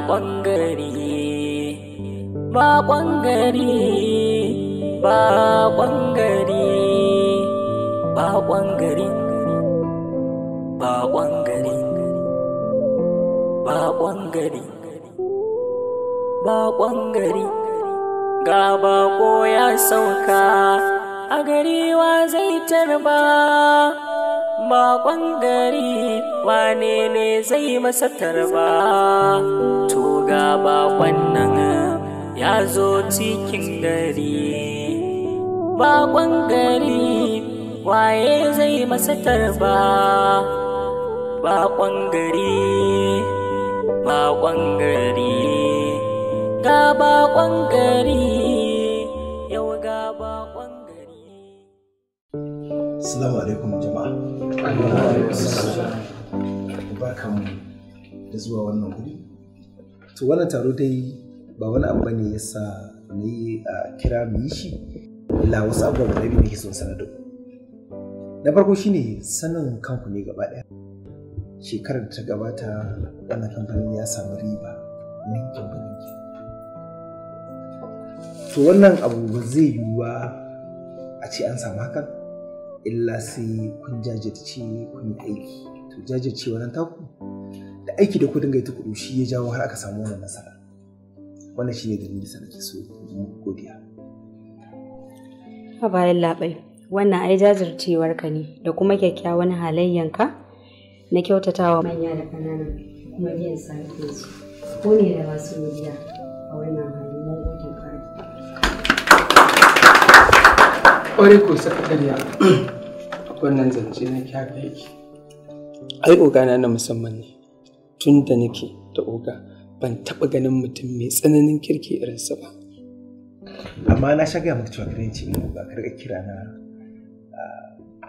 baƙon gari baƙon gari baƙon gari baƙon gari ga baƙo ya sauka a gari wa zai tarba bakon gari wane ne zai masa tarba to ga bakon nan ya zo cikin gari bakon gari waye zai masa tarba bakon gari bakon gari ga bakon gari Assalamu alaikum jama'a. Barkan da zuwa wannan guri. To wannan taro dai ba wani abu bane ya sa na yi a kira mu yi shi. La wasu abubuwa da biyu nake son sanar Na farko shine sanin kanku ne gaba ɗaya. Shekarar da ta gabata wannan kamfanin ya samu riba ninkin ba To wannan abu ba zai ba a ce an samu hakan illa sai kun jajirce kun yi aiki to jajirce wannan taku da aiki da ku dinga ta kudu shi ya jawo har aka samu wannan nasara wannan ne dalilin da nake so mu godiya a bayan labai wannan ai jajircewar ka ne da kuma kyakkyawan ka na kyautatawa manya da kananan kuma biyan sa ko ne da masu godiya a wannan hali ƙwarai ko sakatariya wannan zance na kyafe yake ai ogana na musamman ne tun da nake da oga ban taɓa ganin mutum mai tsananin kirki irinsa ba amma na sha gaya maka cewa kiran ce ne ba karka kira na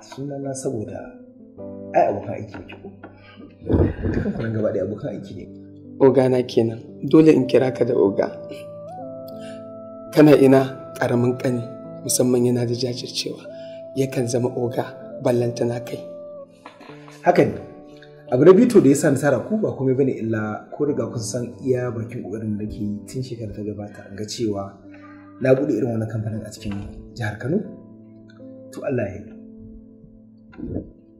sunana saboda ai abokan aiki ne ko dukan kunan gaba da abokan aiki ne ogana kenan dole in kira ka da oga kana ina ƙaramin ƙani musamman yana da jajircewa yakan zama oga ballantana kai haka ne abu na bito da ya sa nasara ku ba ne bane illa ko riga kun san iya bakin kokarin da ke tun shekara ta gabata ga cewa na bude irin wannan kamfanin a cikin jihar Kano to Allah ya yi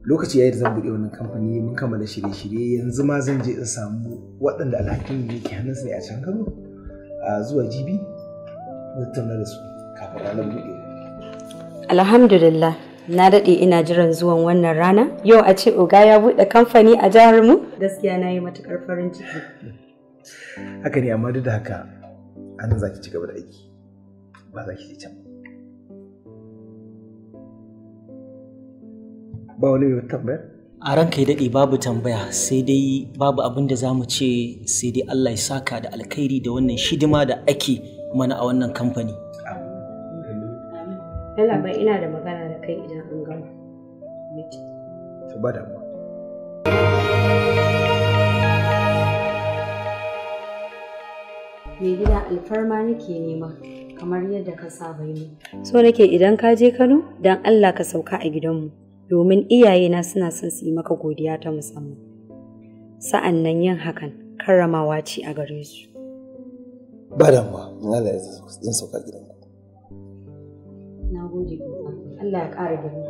lokaci yayi da zan bude wani kamfani mun kammala shirye-shirye yanzu ma zan je in samu waɗanda alhakin yake hannunsa ne a can Kano zuwa jibi na tattauna da su kafin ranar buɗe. Alhamdulillah na daɗe ina jiran zuwan wannan rana yau a ce oga ya buɗe kamfani a jihar mu gaskiya na yi matuƙar farin ciki. Haka ne amma duk da haka an za ki ci gaba da aiki ba za ki ci can. Ba wani yau tambayar? A ranka ya daɗe babu tambaya sai dai babu abin da za mu ce sai dai Allah ya saka da alkhairi da wannan shidima da ake mana a wannan kamfani. Yalla ina da magana da kai idan an gama. Mai gida alfarma nake nema kamar yadda ka saba yi. So nake idan ka je Kano dan Allah ka sauka a gidanmu domin iyayena suna son su yi maka godiya ta musamman. Sa'an nan yin hakan karramawa ce a gare su. Ba damuwa, in Allah ya zan sauka gidanmu. na gode Allah ya ƙara girma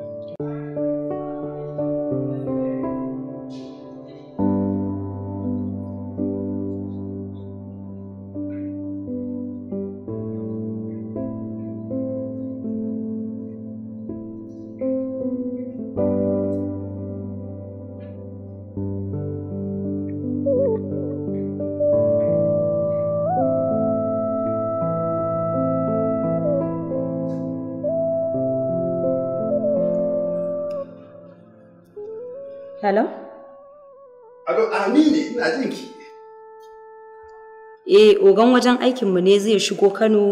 Hello? Hello, Amine, ah, ina jin Eh, ogan wajen aikinmu ne zai shigo Kano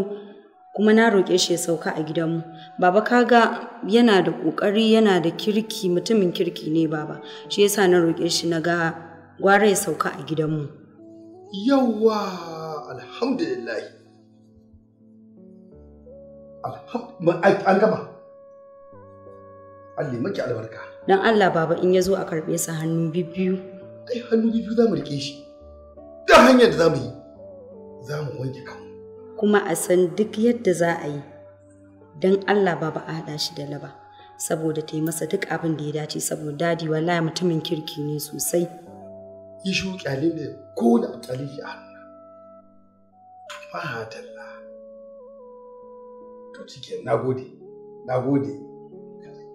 kuma na roƙe shi ya sauka a gidanmu. Baba kaga yana da ƙoƙari yana da kirki mutumin kirki ne baba. Shi yasa na roƙe shi na ga gwara ya sauka a gidanmu. Yawwa, alhamdulillah. Alhamdulillah, an gama. Allah maki albarka. Don Allah baba in ya zo a karbe sa hannu biyu. Ai hannu biyu za mu riƙe shi. Da hanyar da za mu yi za mu wanke kan. Kuma a san duk yadda za a yi. Don Allah baba a hada shi da laba. Saboda ta yi masa duk abin da ya dace saboda dadi wallahi mutumin kirki ne sosai. Yi shi kyalin da ko da kyalin shi a hannu. Mahatalla. To cikin nagode. Nagode.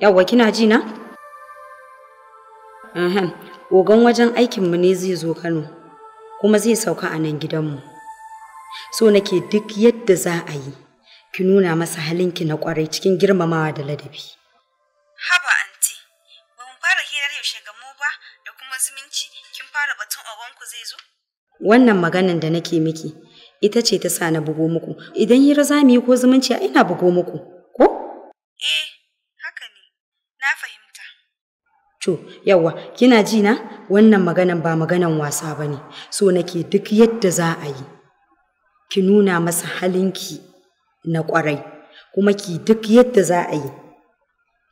Yawwa kina ji na? Ahem, ogan wajen aikinmu ne zai zo Kano, kuma zai sauka a nan gidanmu. So nake duk yadda za a yi, ki nuna masa halin ki na kwarai cikin girmamawa da ladabi. Haba anti, ba mu fara hirar yaushe ga mu ba da kuma zumunci kin fara batun ogonku zai zo? Wannan maganan da nake miki, ita ce ta sa na bugo muku, idan hira za mu yi ko zumunci ina bugo muku. To, yawa, kina ji na wannan maganan ba maganan wasa ba ne, so nake duk yadda za a yi. Ki nuna masa halinki na kwarai kuma ki duk yadda za a yi.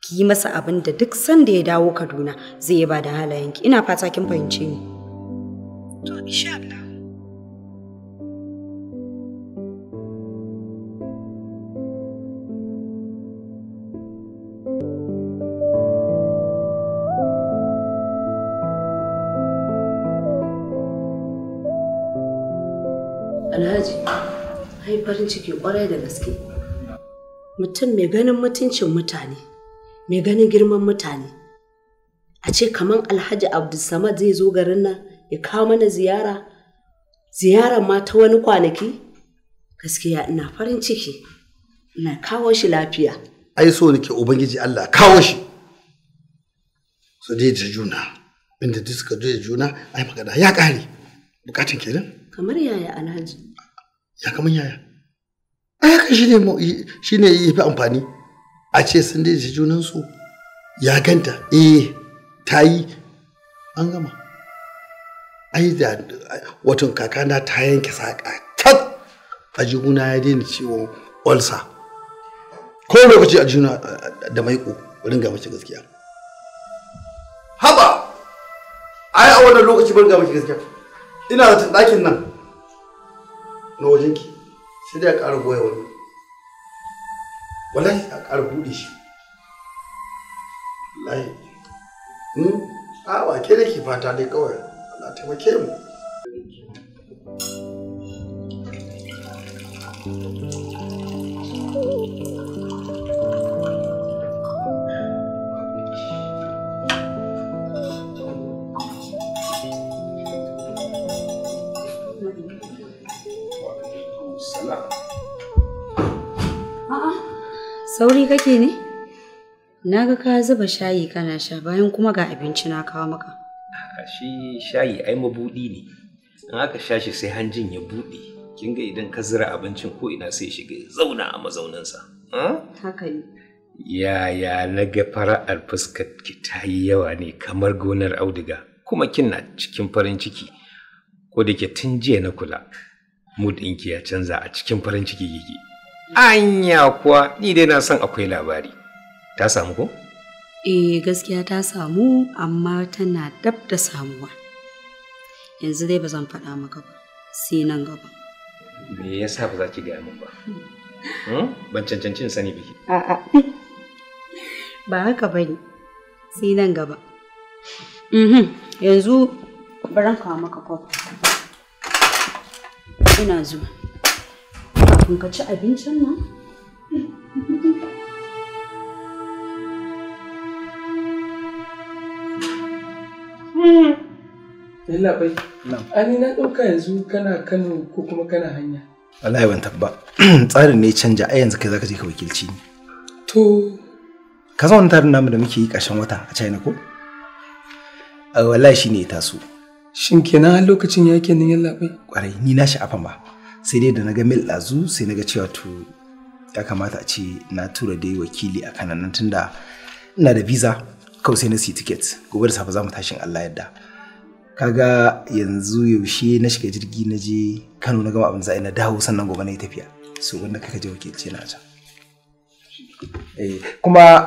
Ki yi masa abin da duk sanda ya dawo Kaduna zai yi ba da halayenki. Ina fata kin fahimce ni. To, insha farin ciki kwarai da gaske mutum mai ganin mutuncin mutane mai ganin girman mutane a ce kamar alhaji abdulsamad zai zo garin nan ya kawo mana ziyara ziyarar ma ta wani kwanaki gaskiya ina farin ciki ina kawo shi lafiya ai so nake ubangiji allah kawo shi su da juna inda duk suka daidaita juna ai magana ya ƙare bukatun kenan kamar yaya alhaji ya kamar yaya ai haka shi ne ya fi amfani a ce sun daidaita junansu ya ganta eh ta yi an gama ai da watan kakana ta yanke saƙa tat a jiguna ya daina ciwon olsa ko lokaci a juna da ko ringa mace gaskiya haba ai a wannan lokaci ringa mace gaskiya ina da ɗakin nan na wajenki sai dai a ƙara goya wani wallahi a ƙara buɗe shi wallahi hmm? a ke da ke fata dai kawai Allah taimake mu Sauri kake ne? Na ga ka zuba shayi kana sha bayan kuma ga abinci na kawo maka. Shi shayi ai mabuɗi ne. In aka sha shi sai hanjin ya buɗe. Kin ga idan ka zira abincin ko ina sai shiga zauna a mazauninsa. Hmm? Haka ne. Yaya na ga fara'ar fuskar ki ta yi yawa ne kamar gonar auduga kuma kina cikin farin ciki. Ko da ke tun jiya na kula. Mood ɗinki ya canza a cikin farin ciki kike. anya kuwa ni dai na san akwai labari ta samu ko eh gaskiya ta samu amma tana dab da samuwa yanzu dai ba zan faɗa maka ba sai nan gaba me yasa ba za ki gaya min ba hmm? ban cancanci sani biki a'a ba haka bane sai nan gaba mhm. yanzu baran kawo maka kofi ina zuwa kafin ka ci abincin nan? Yalla bai, ani na ɗauka yanzu kana Kano ko kuma kana hanya. Wallahi ban tabba. Tsarin ne canja ai yanzu kai zaka je ka wakilci ni. To ka zo wani tarin namu da muke yi ƙarshen wata a China ko? Wallahi shine ya taso. Shin kenan har lokacin ya nan yalla bai? Kwarai ni na shi afan ba. sai dai da na ga mil ɗazu sai na ga cewa to ya kamata a ce na tura dai wakili a kanan tunda ina da visa kawai sai na siyi ticket gobe da safe za mu tashin Allah yadda kaga yanzu yaushe na shiga jirgi na je Kano na gama abin za'a na dawo sannan gobe na yi tafiya so wanda kaka je wakilci na can eh, kuma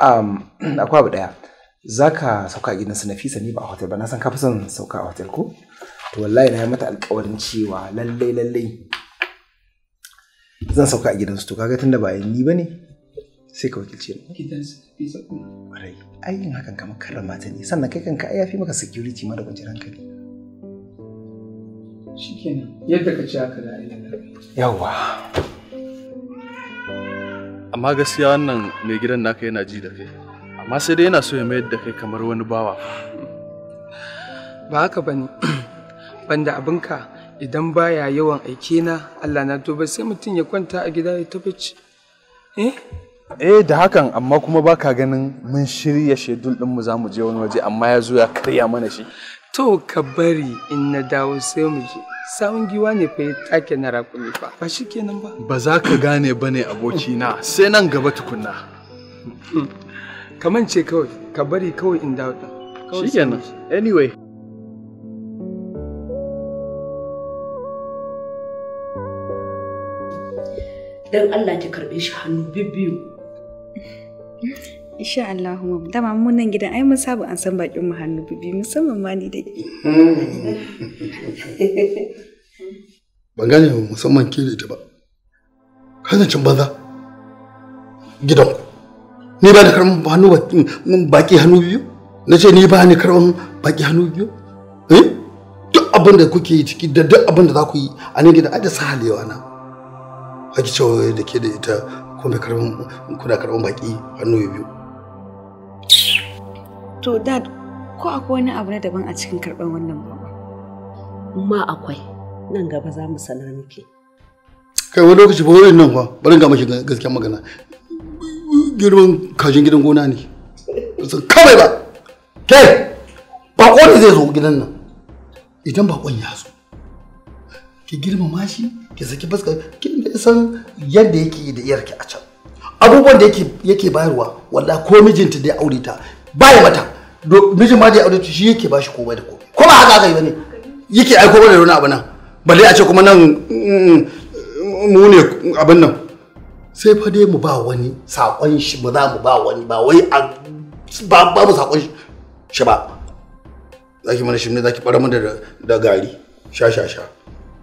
akwai abu daya zaka sauka gidan su nafisa ne ba a hotel ba na san ka fi son sauka a hotel ko to wallahi na yi mata alƙawarin cewa lallai lallai zan sauka a gidansu to kaga tunda ba ni ba ne sai ka wakilce ni gidansu ƙwarai ai hakan kamar karar mata ne sannan kai kanka ai fi maka security ma da kwanciyar hankali shikenan yadda ka ci haka da ainihin yawa amma gaskiya wannan mai gidan naka yana ji da kai amma sai dai yana so ya mayar da kai kamar wani bawa ba haka ban da abinka idan baya yawan aiki na Allah na tuba sai mutum ya kwanta a gida ya tabbaci eh eh da hakan amma kuma baka ganin mun shirya shedul din mu zamu je wani waje amma ya zo ya karya mana shi to ka bari in na dawo sai mu je sawun giwa ne fa ya take na rakumi fa ba shikenan ba ba za ka gane bane aboki na sai nan gaba tukunna kaman ce kawai ka bari kawai in dawo shikenan anyway don Allah ki karɓe shi hannu bibbiyu. Insha Allah mu dama mamu nan gidan ai mun sabu an san bakin mu hannu bibi musamman ma ni da ke. Ban gane musamman ke da ita ba. cin banza gidan ku. Ni ba da karɓar hannu baki mm, hannu biyu? Na ce ni ba ni karɓar baki hannu biyu? Eh? Duk abin da kuke yi ciki da duk abin da za ku yi a ne gidan ai da sahalewa na. haki cewa da ke da ita kuma kuna karɓar baki hannu biyu. To dad ko akwai wani abu na daban a cikin karban wannan baba Ma akwai nan gaba za mu sanar miki. Kai wani lokaci ba wani nan ba bari ga mashi gaskiyar magana. Girman kajin gidan gona ne. Kawai ba. Kai bako ne zai zo gidan nan. Idan bakon ya zo ki girmama shi ki saki fuska kin da san yadda yake da iyarki a can abubuwan da yake yake bayarwa wallahi ko mijinta da ya aure ta baya mata mijin ma da ya aure ta shi yake bashi komai da komai kuma haka haka yi bane yake aiko bane da wani abu nan balle a ce kuma nan mm, mm, mu ne abin nan sai fa dai mu ba wani sakon shi ba za mu ba wani ba wai a ba ba mu sakon shi ba zaki mana shi ne zaki mu mana da gari sha sha sha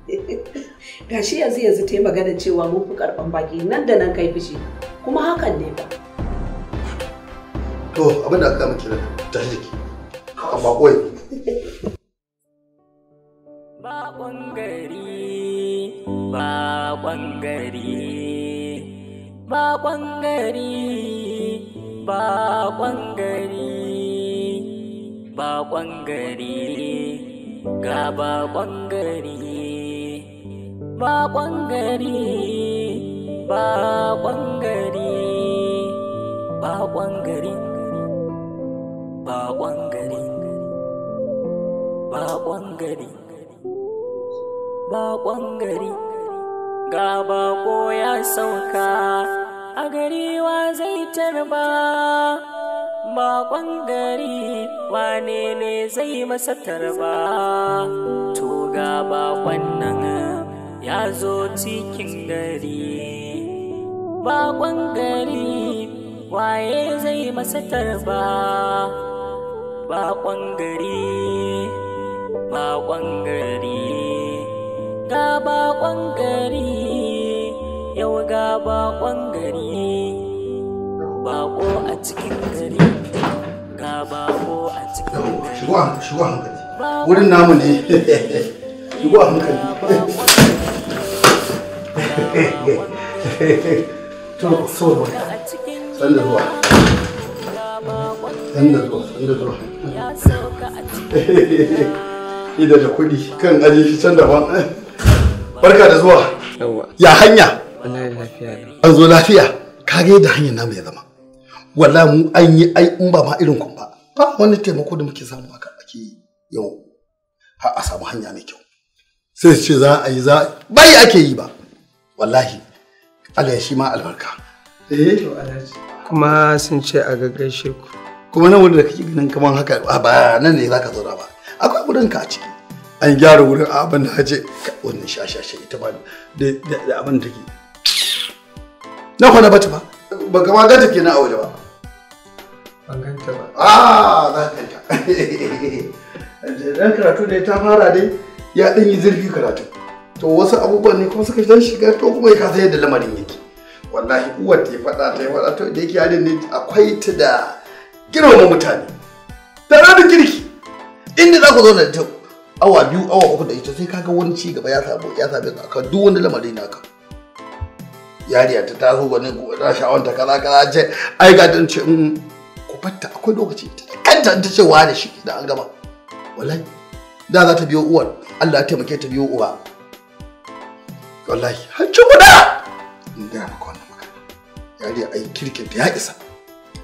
gashi yanzu yanzu ta yi magana cewa mun fi karban baki nan da nan kai fushi kuma hakan ne ba to abin da aka kama na ta jiki amma kawai ba kwangari ba kwangari ba kwangari ba kwangari ba kwangari ga ba kwangari ba ƙwangare ba ƙwangare ba ƙwangare ba ƙwangare ba ƙwangare ba ƙwangare ga bako ya sauka a wa zai tarba ba ƙwangare wane ne zai masa tarba to ga bakon nan ya zo cikin gari bakon gari waye zai masa tarba bakon gari bakon gari ga bakon gari yau ga bakon gari bako a cikin gari ga bako a cikin gari shigo hankali wurin namu ne shigo hankali to so ba san da zuwa san da zuwa da zuwa da da zuwa hanya an zo ya zama wallahi mu an yi ai in ba ma irin kun ba ba wani taimako da muke samu haka ake yau har a samu hanya mai kyau sai ce za a yi za bai ake yi ba wallahi Allah ya shi ma albarka eh to alhaji kuma sun ce a gaggaishe ku kuma nan wanda kake ganin kaman haka A ba nan ne zaka da ba akwai wurin ka a ciki an gyara wurin abin da haje wannan shashashe ita ba da abin da take na kwana bata ba ba kama ganta kenan a waje ba ban ganta ba ah za ka ganta dan karatu ne ta fara dai ya dan yi zurfi karatu to wasu abubuwan ne kuma suka dan shiga to kuma ka zai yadda lamarin yake wallahi uwar ta faɗa ta yi faɗa to da yake yarin ne akwai ta da girmama mutane tare da kirki inda za ku zo da ta awa biyu awa uku da ita sai kaga wani ci gaba ya samu ya same ka kan duk wani lamarin naka yariya ta taso wani sha'awar ta kaza kaza ce ai ga dan ce mm, ku fatta akwai lokaci ta kanta ta ce wa da shi da an gama wallahi da za ta biyo uwar Allah ya taimake ta biyo uwa wallahi hancin da in gaya maka wannan magana yari ai kirkin ya isa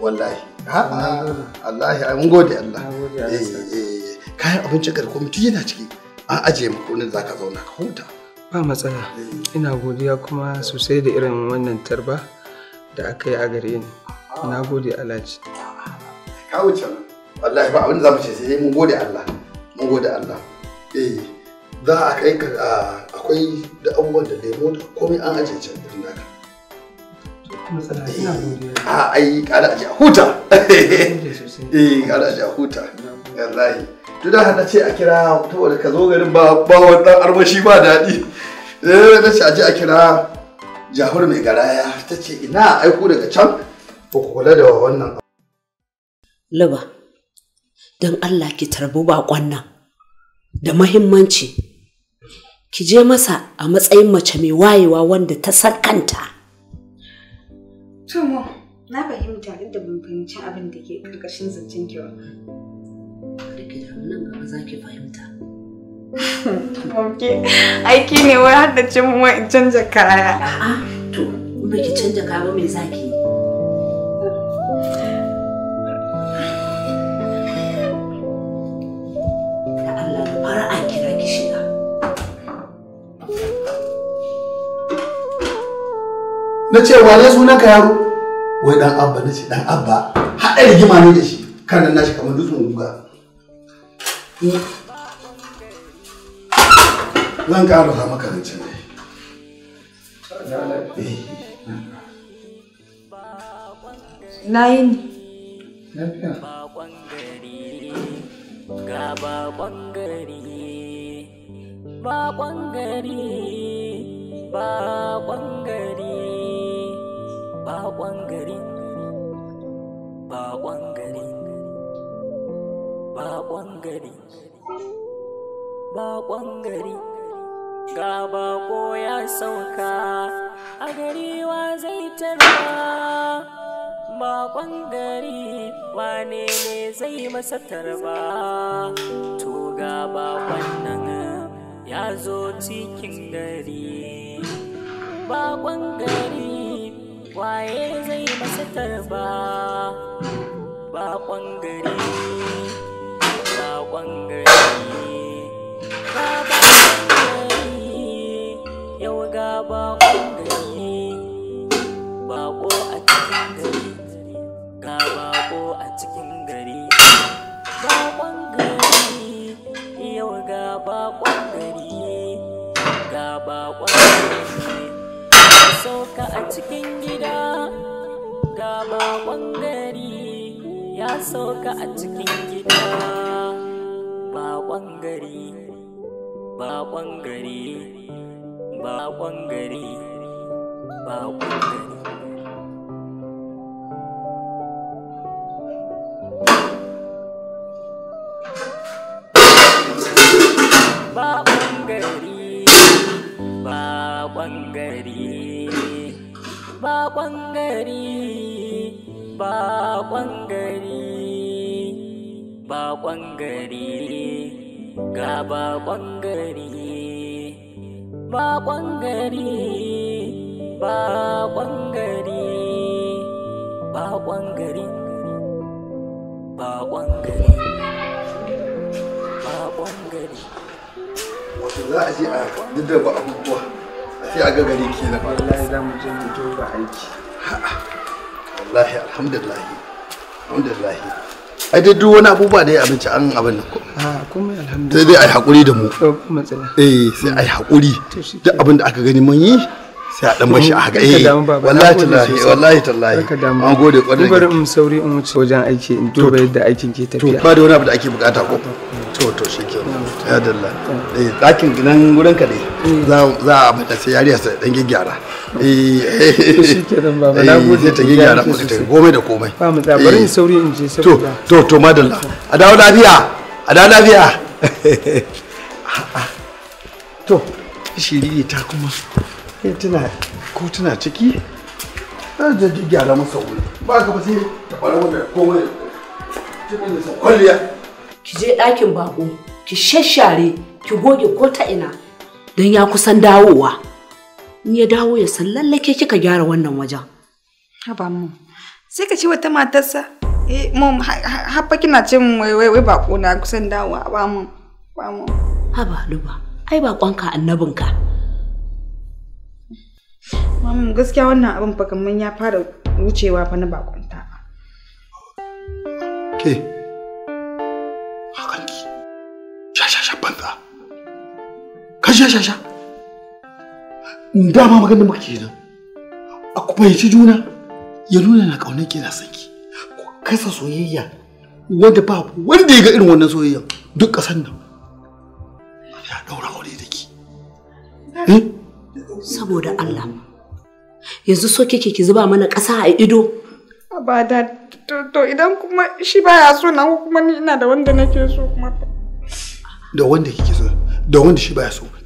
wallahi wallahi ai mun gode Allah eh, eh, eh, kayan abincin karko mutum yana ciki an aje maka ne za ka zauna ka huta ba matsala ina godiya kuma sosai da irin wannan tarba da aka yi a gare ni na gode alhaji ka wuce wallahi ba abin da za mu ce sai mun gode Allah mun gode Allah eh za a kai ka akwai da abubuwan da lemo da komai an ajiye can gudun naka a ah, ai kada a huta eh kada a huta wallahi to da hana ce a kira da ka zo garin ba ba wannan armashi ba daɗi eh na ce ji a kira jahur mai garaya ta ce ina aiko daga can ko kula da wannan laba don Allah ki tarbi baƙon nan da mahimmanci ki je masa a matsayin mace mai wayewa wanda ta san kanta. Tumo, na fahimta duk da ban fahimci abin da ke karkashin zancen kiwa. Da ke nan gaba za ki fahimta. Ok, aiki ne wai har da cin mu in canja kaya. A'a, to, ba ki canja kaya ba mai zaki. Da Allah, fara'a na ce wa ne sunan ka yaro wai dan abba na ce dan abba haɗa rigima ne da shi kan nashi kamar dutsen guga zan ƙara sa maka rancen ne eh. na yi ne lafiya ga ba gari bakon gari bakon gari bakon gari bakon gari bakon gari bakon gari ga bako ya sauka a gari wa zai tarba bakon gari wane ne zai masa tarba to ga bakon nan ya zo cikin gari bakon gari waye zai masa tarba ba kwangari ba kwangari ba ba kwangari yau ga kwangari ba bako a cikin gari ga bako a cikin gari ba kwangari yau ga ba kwangari ga ba kwangari soka a cikin gida ga bakon gari ya soka a cikin gida bakon gari bakon gari bakon gari bakon gari ba ƙwangari ba ƙwangari ba ƙwangari ga ba ƙwangari ba ƙwangari ba ba ƙwangari ba ƙwangari ba ƙwangari wato za a je a abubuwa sai a ga gari ke kenan wallahi za mu je mu duba aiki wallahi alhamdulillah alhamdulillah ai dai duk wani abubuwa da ya abinci an abin nan ko. kuma alhamdulillah sai dai ai hakuri da mu eh sai ai hakuri duk abin da aka gani mun yi sai a dan bashi a haka eh wallahi tallahi wallahi tallahi an gode kwarai bari in sauri in wuce wajen aiki in duba yadda aikin ke tafiya to ba da wani abu da ake bukata ko to to shi ke ya dalla eh ɗakin nan wurin ka ne za a bada sai yariya sai dan gyara eh shi ke nan baba na eh, gode ta gyara musu ta komai da komai ba mu da bari eh. sauri in je saboda to to madalla a dawo lafiya a dawo lafiya to shiri ta kuma eh, tana ko tana ciki zan je gyara masa wuri ba ka ba sai ta fara wanda komai cikin da sa kwalliya ki je ɗakin bako ki shashare ki goge ko ta ina don ya kusan dawowa in ya dawo ya san lalle ke kika gyara wannan wajen haba mu sai ka ce wata matarsa eh mom haba kina ce mun wai wai bako na kusan dawowa ba mu ba mu haba luba ai bakonka annabinka Mamu gaskiya wannan abin fa kamar ya fara wucewa fa na bakonta. Ke, sha sha sha dama maganar muka kenan a ku fahimci juna ya nuna na ƙaunar ki na son ku kasa soyayya wanda ba wanda ya ga irin wannan soyayya duk ƙasar nan ya ɗaura aure da ki eh? saboda Allah yanzu so kike ki zuba mana ƙasa a ido ba da to idan kuma shi baya so na kuma ni ina da wanda nake so kuma da wanda kike so da wanda shi baya so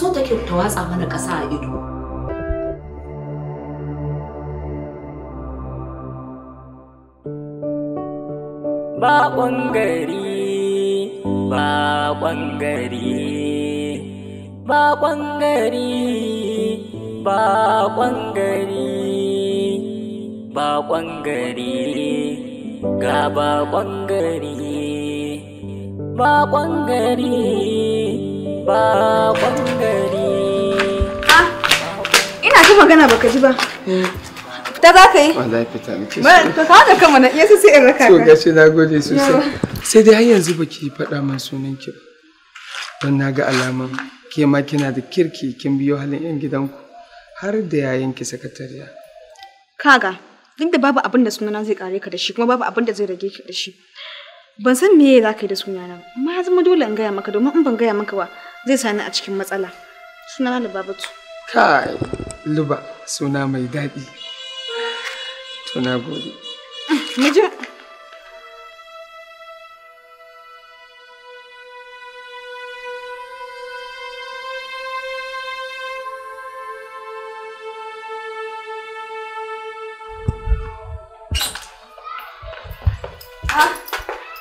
so take ta watsa mana ƙasa a ido. Ba ɓangare, ba ɓangare, ba ɓangare, ba ɓangare, ba ɓangare. ga bakon gari ina ta magana baka ji ba ta za ka yi wallahi fita ni ce ka kawo da kama na iya su sai in raka ka gashi na gode sosai sai dai har yanzu baki faɗa min sunan ki don na ga alaman ke ma kina da kirki kin biyo halin yan gidanku har da yayin ki sakatariya kaga duk da babu abin da sunana zai kare ka da shi kuma babu abin da zai rage ka da shi ban san meye za ka yi da sunana amma ya zama dole in gaya maka domin in ban gaya maka ba zai sani a cikin matsala suna luba batu kai luba suna mai daɗi to na gode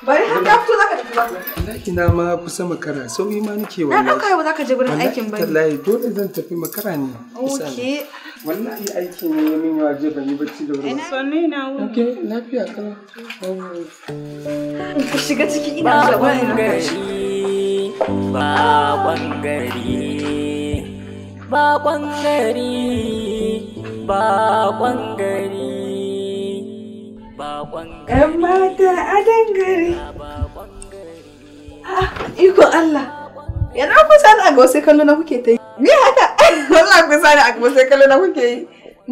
Bari har ka fito zaka tafi ba. Wallahi na ma kusa makara sauyi ma nake wallahi. Na ɗauka yau zaka je gurin aikin bane. Wallahi dole zan tafi makara ne. Okay. Wallahi aiki ne min waje je ban yi bacci da wuri. Sanne na wuri. Okay lafiya kana. ku shiga ciki ina da wani gari. Ba bangare. Ba bangare. Ba bangare. 'yan mata a dangare ah, iko Allah yana kusa a aga sai kallo na kuke ta yi me haka Allah kusa a aga sai kallo na kuke yi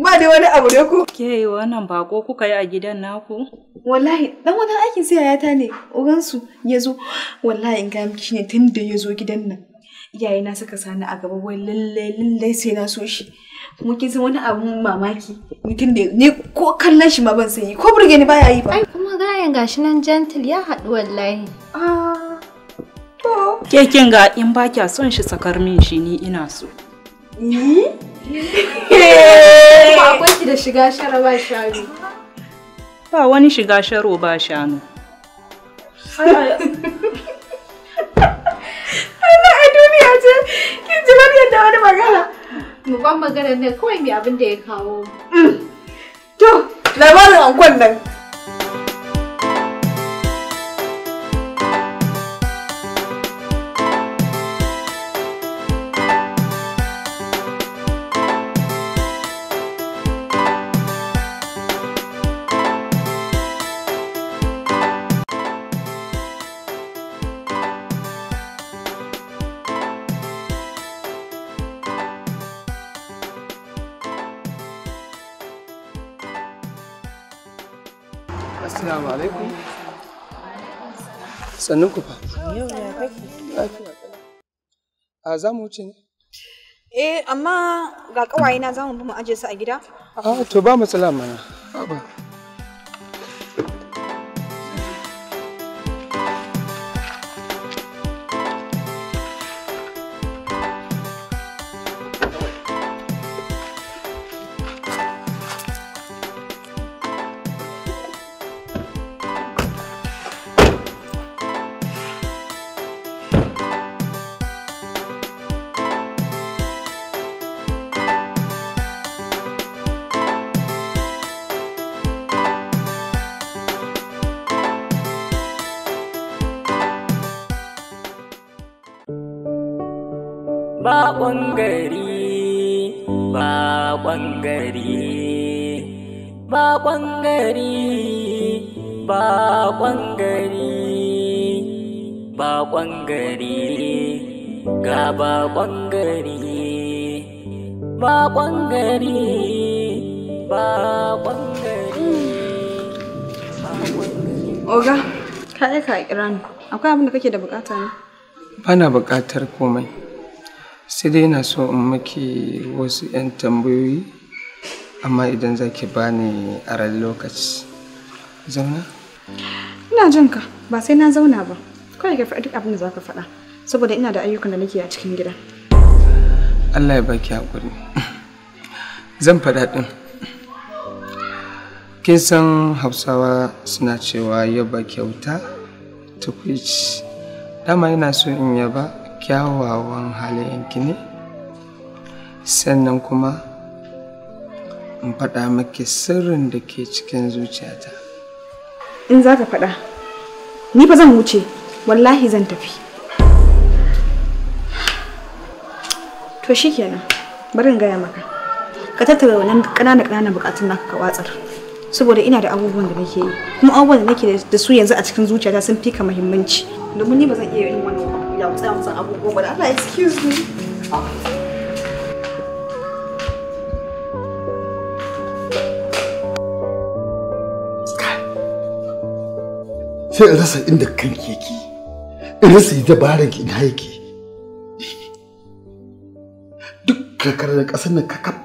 ba dai wani abu ne ku ke wannan bako kuka yi a gidan naku wallahi dan wani aikin sai yayata ne ugansu ya zo wallahi in ga miki shine tun da ya zo gidan nan iyayena suka sani a gaba wai lallai lallai sai na so shi kuma kin san wani abun mamaki mutum da ne ko kallon shi ma ban san yi ko burge ni baya yi ba ai kuma gayan gashi nan gentle ya haɗu wallahi ah to ke kin ga in ba kya son shi sakar min shi ni ina so ni akwai ki da shiga shara ba shanu ba wani shiga sharo ba shanu Allah a duniya ce kin ji wani yadda wani magana mu ban maganar ne kawai mai abin da ya kawo mm. to labarin ankon nan Sannan ku fa. A za mu wuce ne? Eh, amma ga ƙawayena za mu bi mu aje su a gida. Ah, to ba matsala mana. Ba. ɓangare ga ba ɓangare ba ɓangare ba ɓangare oga ka yi a kira ni akwai abin da kake da bukata ne bana bukatar komai sai dai ina so in maki wasu 'yan tambayoyi amma idan za ki bani a ran lokaci zauna ina jin ka ba sai na zauna ba kawai ka faɗa duk abin da za ka faɗa saboda ina da ayyukan da nake a cikin gida Allah ya baki hakuri zan faɗa ɗin kin san hausawa suna cewa yaba kyauta tukwici dama yana so in yaba kyawawan halayenki ne sannan kuma in faɗa maki sirrin da ke cikin zuciyata in za ka faɗa ni fa zan wuce wallahi zan tafi to shikenan bari in gaya maka ka tattara wannan ƙananan ƙananan bukatun naka ka watsar saboda ina da abubuwan da nake yi kuma abubuwan da nake da su yanzu a cikin zuciyata sun fi ka muhimmanci domin ni ba zan iya yin wani yautsa-yautsan abubuwa ba da Allah excuse me sai a rasa inda kanki yake irin su yi dabarar ki na yake duk kakar da ƙasar nan kakaf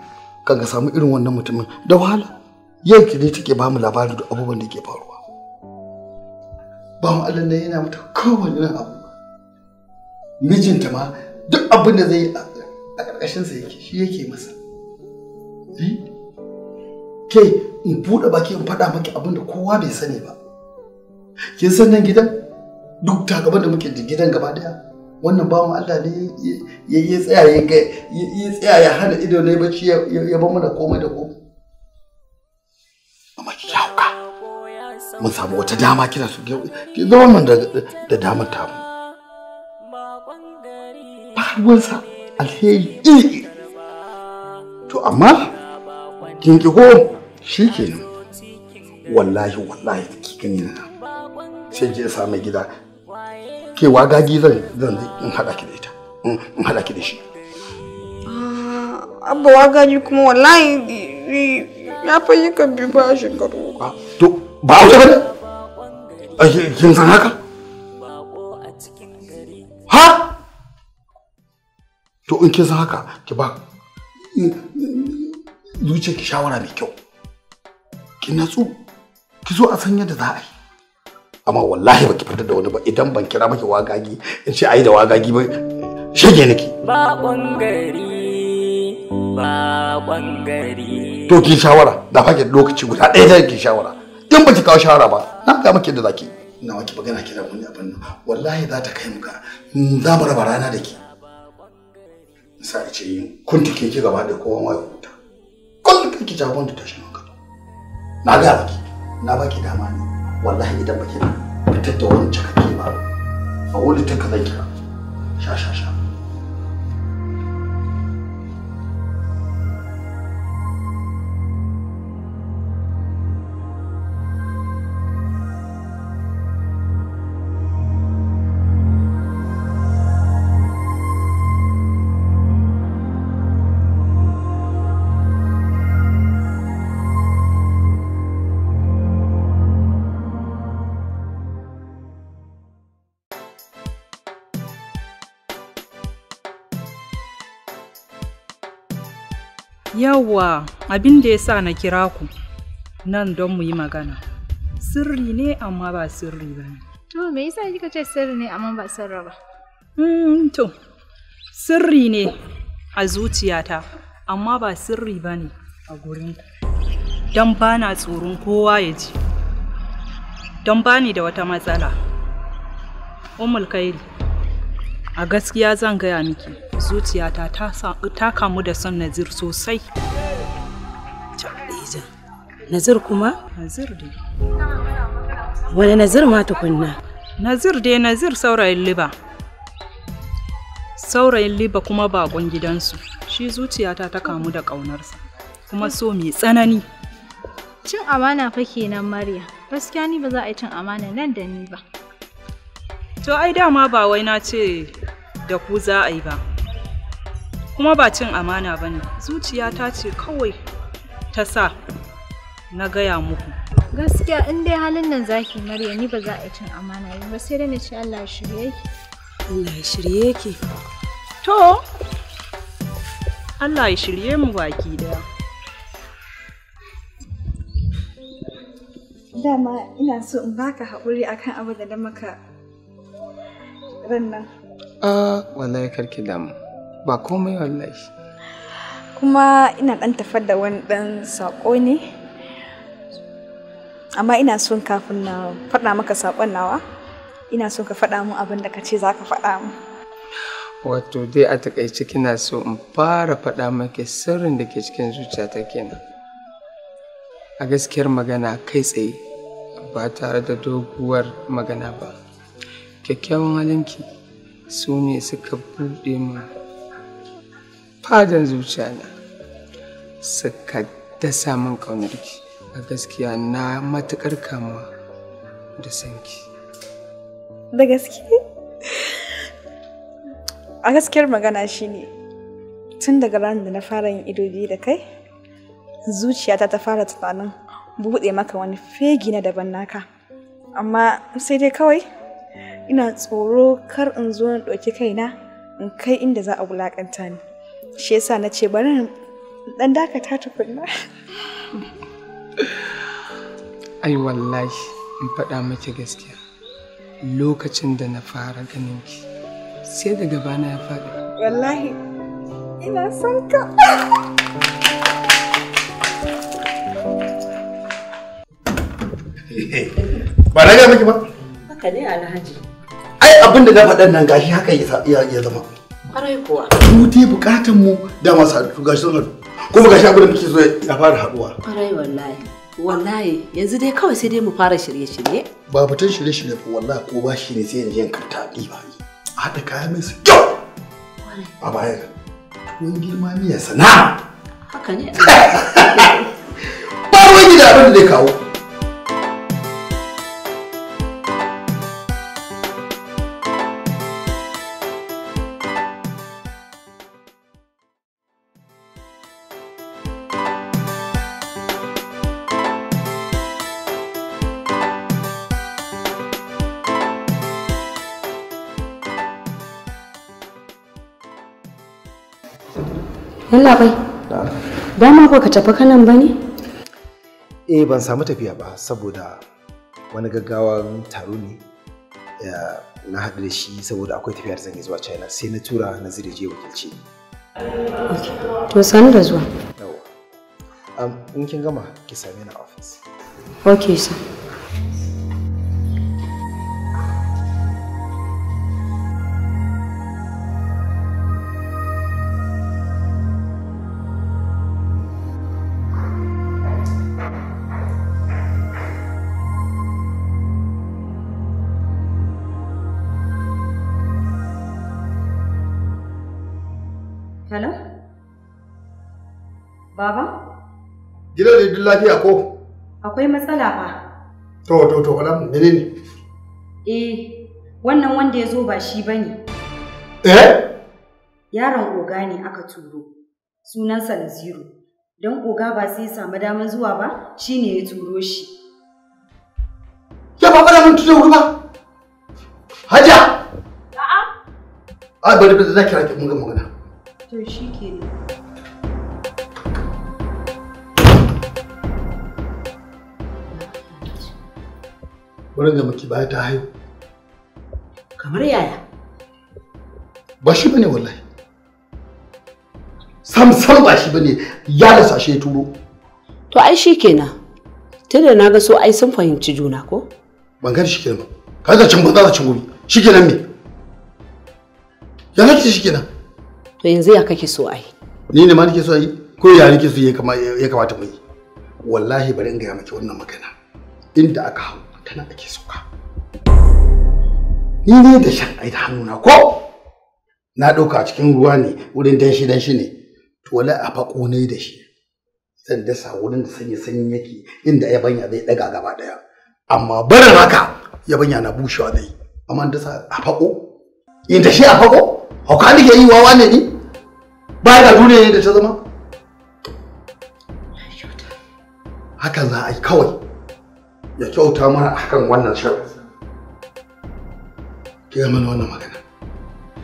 kan ka samu irin wannan mutumin da wahala yau ki ne take ba mu labarin da abubuwan da ke faruwa ba mu Allah yana mutu kowane nan abu mijinta ma duk abin da zai a ƙarƙashin sa yake shi yake masa eh? ke in buɗe baki in faɗa maki abin da kowa bai sani ba kin san nan gidan duk ta gaba da muke gidan gaba daya wannan bawan Allah ne ya tsaya ya ga ya tsaya ya hana ido ne bacci ya ba mana komai da komai amma ki hauka mun samu wata dama kina so ki zama mun da da dama ta mu ba sa alheri iri to amma kin ki ko shikenan wallahi wallahi kike ne sai je sa mai gida cewa gagi zan zan in haɗa ki da ita in haɗa ki da shi ah, abba wagaji kuma wallahi ya fa yi kan bi ba shekaru ah, to ba a ba ne kin san haka ha to in kin san haka ki ba zuciyar ki shawara mai kyau ki natsu ki zo a san yadda za a yi amma wallahi baki fitar da wani ba idan ban kira maki wagagi in ce ai da wagagi ba shege nake ba bangare ba bangare to ki shawara da fake lokaci guda ɗaya da ki shawara in baki kawo shawara ba na ga maki da zaki na maki magana ki da wani abin nan wallahi za ta kai muka mm, za mu raba rana da ki sai ce kun take ki gaba da kowa mai ya huta kullum kake jagon da tashin hankali na ga baki na baki dama ne wallahi idan baki fitar da wani cikakke ba a wani ta kaza kira sha sha sha Yawwa, abin da ya sa na kira ku nan don mu yi magana. Sirri ne amma ba sirri ba ne. To, me yasa kika ce sirri ne amma ba sirri ba? Hmm, to, sirri ne a zuciyata, amma ba sirri ba ne a gurin ku. Don ba na tsoron kowa ya ji. Don ba ni da wata matsala. Umul Kairi. A gaskiya zan gaya miki, zuciyata ta kamu da son Nazir sosai. Nazir kuma? Nazir dai. Wani Nazir ma tukunna? Nazir dai Nazir saurayin liba. Saurayin liba kuma bakon gidansu. Shi zuciyata ta kamu da ƙaunarsa. Kuma so mai tsanani. Cin amana fa kenan Maryam. Gaskiya ni ba za a yi cin amana nan da ni ba. To ai dama ba wai na ce da ku za a yi ba. Kuma ba cin amana ba ne, ta ce kawai ta sa na gaya muku. Gaskiya in dai halin nan zaki Maryam ni ba za a cin amana ba sai dai na ce Allah shirye ki. Allah ya shirye ki. To, Allah ya shirye mu baki daya. Dama ina so in baka haƙuri akan abu da muka abin nan ah wallahi karki damu ba komai wallahi kuma ina dan tafar da wani dan sako ne amma ina son kafin na faɗa maka sakon nawa ina son ka faɗa mu abin da ka ce za ka faɗa mu wato dai a takaice kina so in fara faɗa maka sirrin da ke cikin zuciyata kenan a gaskiyar magana kai tsaye ba tare da doguwar magana ba kyakkyawan halinki su ne suka buɗe ma fadan zuciya na suka dasa min ƙaunarki a gaskiya na matuƙar kamuwa da sanki da gaske a gaskiyar magana shine tun daga ranar da na fara yin ido biyu da kai zuciyata ta fara tunanin buɗe maka wani fegi na daban naka amma sai dai kawai ina tsoro kar in zo in ɗauki kaina in kai inda za a wulaƙanta ni shi yasa na ce bari in ɗan dakata tukunna ai wallahi in faɗa miki gaskiya lokacin da na fara ganin ki sai da bana ya faɗi wallahi ina son ka ba na ga miki ba haka ne alhaji ai abin da na faɗan nan gashi haka ya zama ƙwarai kuwa mu dai buƙatan mu da masu haɗu gashi sun haɗu kuma gashi abin da muke so ya fara haɗuwa ƙwarai wallahi wallahi yanzu dai kawai sai dai mu fara shirye-shirye ba fitan shirye-shirye ko wallahi ko ba shi ne sai yanzu yin kanta ɗiba a haɗa kayan mai su kyau a baya wani girma miya sana haka ne ba wani da abin da zai kawo Allah bai. Dama ba ka tafi kanan ba ne? Eh ban samu tafiya ba saboda wani gaggawan taro ne na haɗu da shi saboda akwai tafiyar zan zuwa China sai na tura na zira je wakilci. To sani da zuwa. In kin gama ki same ni a ofis. Okay sir. cikin lafiya ko? Akwai matsala fa. To, to, to, mene ne. Eh, wannan wanda ya zo ba shi ba ne. Eh? Yaron oga ne aka turo, sunansa Naziru. Don oga ba sai samu damar zuwa ba, shi ne ya turo shi. Ya ba faɗa mun tuzo ba? Hajiya! A'a. Ai, bari bari za ki rake mun ga magana. To shi ne. wurin da muke baya ta haihu kamar yaya ba shi bane wallahi sam sam ba shi bane ya rasa shi turo to ai kenan. tunda na ga so ai sun fahimci juna ko ban gani kenan ba kaga cin ban da cin Shi shikenan me ya nake shikenan to yanzu ya kake so ai ni ne ma nake so ai ko ya nake so ya kamata mu yi wallahi bari in ga maki wannan magana inda aka hau tana ake sauka ni ne da shan ai da hannuna ko na ɗauka cikin ruwa ne wurin danshi danshi ne to wala a faƙo ne da shi zan dasa wurin da sanyi sanyi yake inda banya zai daga gaba ɗaya amma barin haka ya banya na bushewa zai amma dasa a faƙo in da shi a faƙo hauka ke yi wawa ne ni ba da duniya ne da ta zama haka za a yi kawai ya kyauta mana kan wannan shirin ki mana wannan magana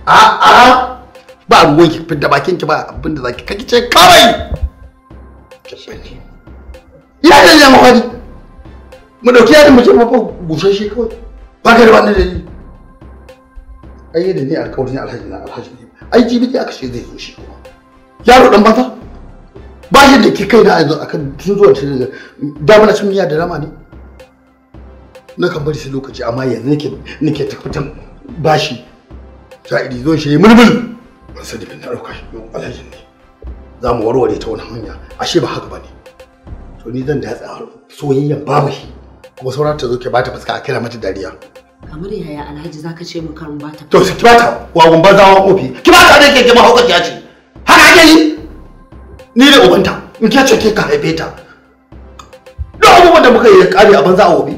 a a ba ruwan ki fidda bakin ki ba abin da zaki kaki ce kawai ya da ya mafani mu dauki ya mu ce mafa bushe shi kawai ba ka da wani ni ai da ni alkawarin alhaji na alhaji ne ai jibi aka ce zai zo shi kuma yaro dan banza ba shi da ki kai na yanzu akan sun zo da damar cin miya da rama ne Nakan bari sai lokaci amma yanzu nake nake tafitan bashi sha'idi zo shi mulmul ban sani bin na ɗauka shi alhaji ne za mu warware ta wani hanya ashe ba haka ba ne to ni zan da tsaya soyayyen babu shi kuma sauran ta zo ke bata fuska a kira mata dariya kamar yaya alhaji zaka ce mu karin bata to ki bata wagon banza wa kofi ki bata da ke ma hauka ya ce haka ake yi ni da ubanta in ke ce ke ka haife ta duk abubuwan da muka yi kare a banza a wobi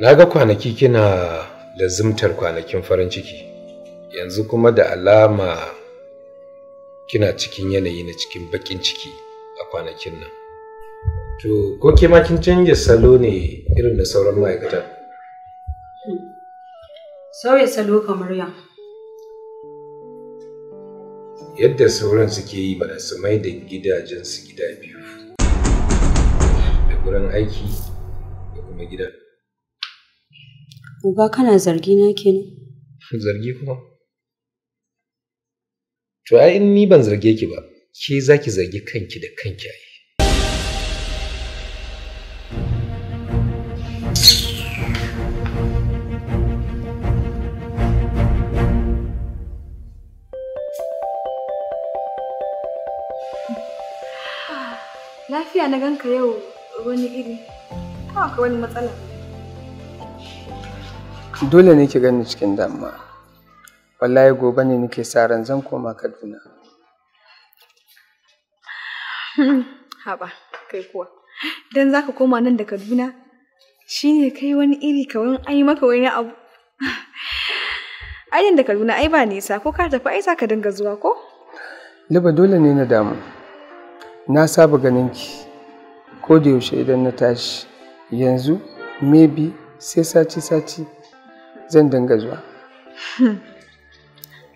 Na ga kwanaki kina lazimtar kwanakin farin ciki, yanzu kuma da alama kina cikin yanayi na cikin bakin ciki a kwanakin nan. To, ko ke ma kin canja salo ne irin da sauran ma'aikata? Sauya salo kamar yan. Yadda sauran suke yi ba su mai da gidajensu gida biyu. Da gurin aiki da kuma gidan. Uba kana zargi na kenan? Zargi kuma? To ai in ni ban zarge ki ba, ke za ki zargi kanki da kanki ai. Lafiya na ganka yau wani iri, kawaka wani matsala. dole ne ki gani cikin damuwa wallahi gobe ne nake sa ran zan koma kaduna hmm, haba kai kuwa dan zaka koma nan da kaduna shine kai wani iri wani ai maka wani abu ai da kaduna ai ba nisa ko ka tafi ai zaka dinga zuwa ko liba dole ne na damu na saba ganin ki ko da yaushe idan na tashi yanzu maybe sai sati-sati zan dinga zuwa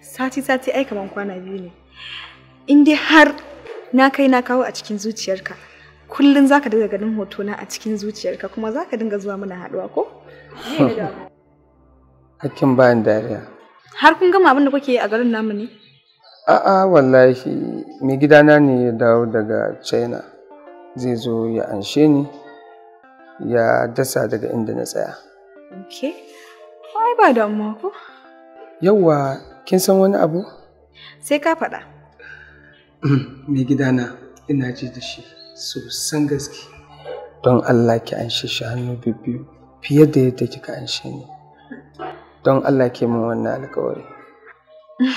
sati sati ai kaman kwana biyu ne in dai har na kai na kawo a cikin zuciyarka kullum zaka dinga ganin hotona a cikin zuciyarka kuma zaka dinga zuwa muna haɗuwa ko hakkin bayan dariya har kun gama abin da kuke a garin namu ne a'a wallahi mai gidana ne ya dawo daga china zai zo ya anshe ni ya dasa daga inda na tsaya ai ba damuwa ko? Yawwa, kin san wani abu? Sai ka faɗa. Mm, Mai gidana ina ji da shi sosan gaske. Don Allah ki an shi hannu biyu fiye da yadda kika an shi ni. Don Allah ke min wannan alkawari.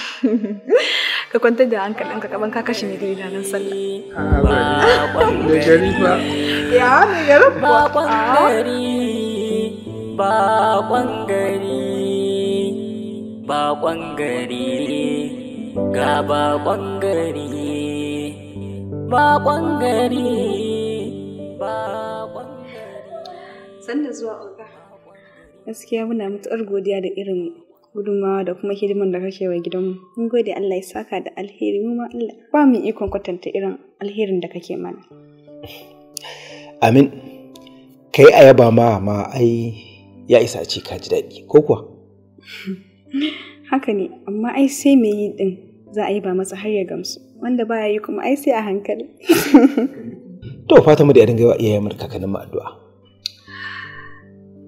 ka kwanta da ka kaman ka kashe ni da idanun sallah. Da gari ba. Ya wani garin ba. baƙon gari baƙon gari ga baƙon gari baƙon gari sanda zuwa oga gaskiya muna matuƙar godiya da irin gudunmawa da kuma hidiman da kake wa gidanmu mun gode Allah ya saka da alheri mu ma Allah ba mu ikon kwatanta irin alherin da kake mana amin kai a yaba ma ma ai ya isa a ce ka ji daɗi ko kuwa haka ne amma ai sai me yi din za a yi ba masa har ya gamsu wanda ba ya yi kuma ai sai a hankali to fata mu da 'yarin dinga yi wa iyayen mu kakannin mu addu'a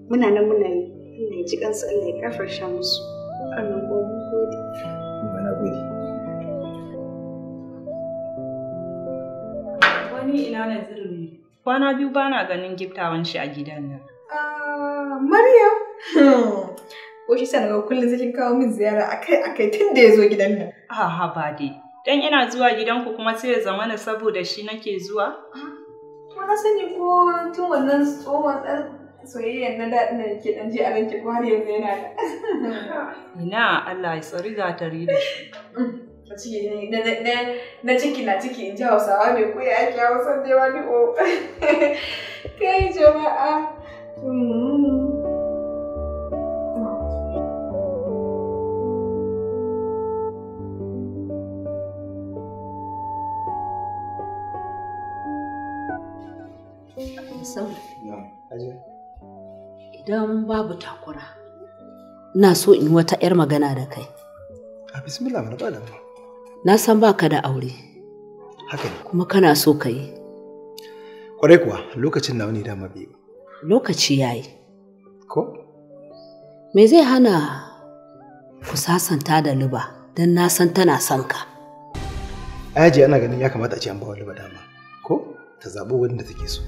muna nan muna yi Allah ji kansu Allah ya sha musu Allah ko mu gode mana gode wani ina na zirmi kwana biyu bana ganin giftawan shi a gidan nan Ah, Maryam. Ko shi sanarwa kullum sai kin kawo min ziyara akai akai tun da ya zo gidan nan. Ah, ha ba dai. Dan ina zuwa gidanku kuma sai ya na saboda shi nake zuwa. Ko ah, na sani ko tun wannan tsohon ɗan soyayyar na daɗin da ke ɗan ji a ranki ko har yanzu yana da. Ina Allah ya tsari gatari da shi. Mm, na ciki na ciki in ji hausawa mai koya ake hausa da wani o kai jama'a Idan babu takura, ina so in wata 'yar magana da kai. A bismillah mana ba da Na san ba ka da aure. Haka ne. Kuma kana so ka yi. Kwarai kuwa lokacin na wani dama biyu. lokaci ya yi. Ko? Me zai hana ku sasanta da Luba don na san tana son ka? Ayaji ana ganin ya kamata a ce an bawa Luba dama, ko? Ta zaɓi da take so.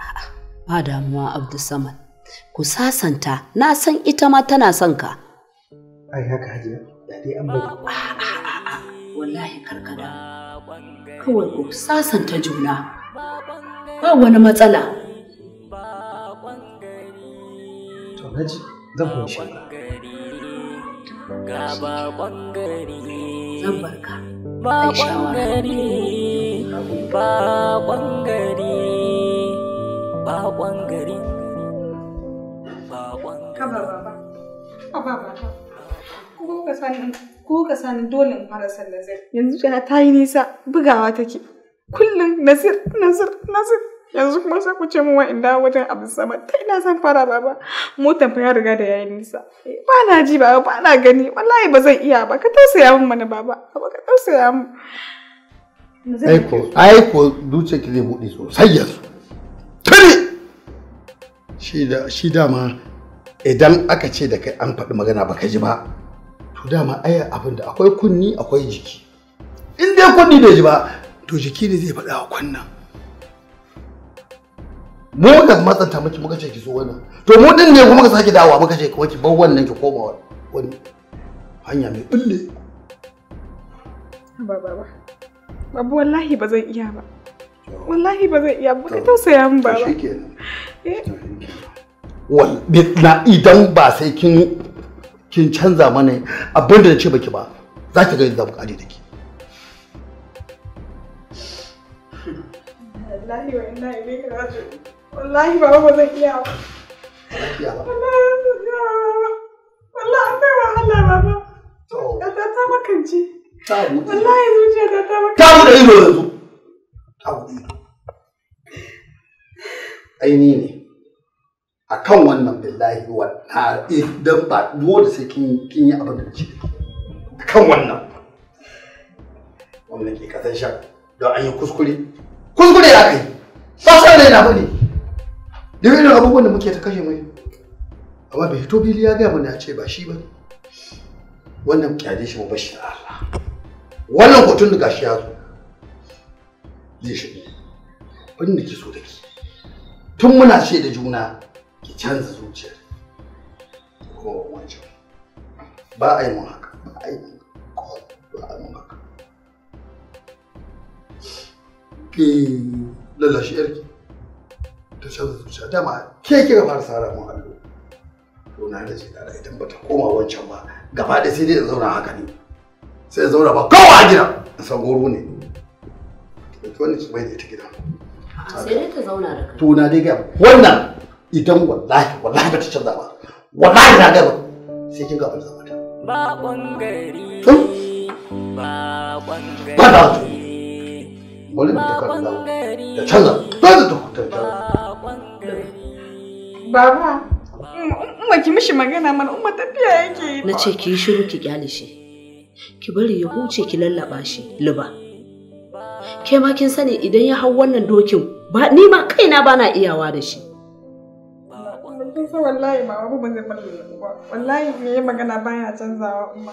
A'a, ba damuwa Abdulsamad. Ku sasanta, na san ita ma tana son ka. Ai haka hajiya, da dai an bari. A'a, wallahi karkada. Kawai ku sasanta juna. Ba wani matsala. na zan kunshe ga ba ba ba ba ba ba ko ka sani dole in fara sallar yanzu ta yi nisa bugawa take kullum nasir nasir nasir yanzu kuma sai ku ce min wa'in dawo wajen abin sama ta ina san fara baba motan fa ya riga da yayi nisa eh, ba na ji baba ba na gani wallahi ba zan iya ba ka tausaya min mana baba ba ka tausaya min aiko aiko duce ki zai buɗe sosai yanzu tare shi da shi dama idan aka ce da kai an faɗi magana ba ka ji ba to dama ai abin da akwai kunni akwai jiki in dai kunni bai ji ba to jiki ne zai faɗa wa kunnan mu muka matsanta miki muka ce ki so wannan to mu din ne kuma ka sake dawowa muka ce ki bar wannan ki koma wani hanya mai bulle ba ba babu wallahi ba zan iya ba wallahi ba zan iya ba ka tausaya min ba ba eh. na idan ba sai kin kin canza mana abin da ce baki ba za ki ga yadda mu kare da ki wallahi inna ilaihi raji'un wallahi baba ba zan iya ba wallahi akwai wahala baba ta ta makance wallahi zuciya ta ta makance ta bude ido yanzu ta bude ido aini ne a kan wannan billahi wa idan eh, ba dole sai kin yi abin da ce a kan wannan wannan ke kasan shan don an yi kuskure kuskure ya kai ba san raina ba ne da irin abubuwan da muke ta kashe mai amma bai fito bili ya gaya mana ya ce ba shi ba wannan kyaje shi mu bashi Allah wannan hoton da gashi ya zo zai shigo abin da ke so da ke tun muna ce da juna ki canza zuciya ko wancan ba a yi mun haka ba a yi ba a yi mun haka ki lallashi yarki ta canza zuciya dama ke kika fara sara mun allo to na da shi dara idan bata koma wancan ba gaba da sai dai zauna haka ne sai zauna ba kowa a gida san ne to wannan su bai da ita gida sai dai ta zauna da kai to na dai ga wannan idan wallahi wallahi bata canza ba wallahi na ga sai kin gafarta mata ba bangare ba bangare ba da Wani mu ta da canza ba da ta hutar Baba, umma ki mishi magana mana umma tafiya yake yi. Na ce ki yi shiru ki kyale shi. Ki bari ya huce ki lallaba shi liba. Ke ma kin sani idan ya hau wannan dokin ba ni ma kaina bana iyawa da shi. Kin wallahi ba babu ban zai ba. Wallahi me ya magana baya canzawa umma.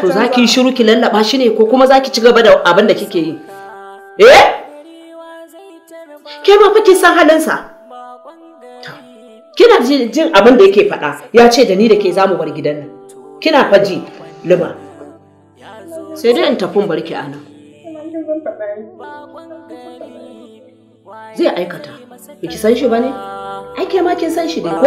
To za ki yi shiru ki lallaba shi ne ko kuma za ki ci gaba da abin da kike yi? Eh? Ke ma fa kin san halinsa. sa. kina jin abin da yake faɗa ya ce da ni da ke zamu bar gidan nan kina faji Luba? sai dai in tafin barki a nan zai aikata biki san shi ba ne ake ma kin san shi dai ko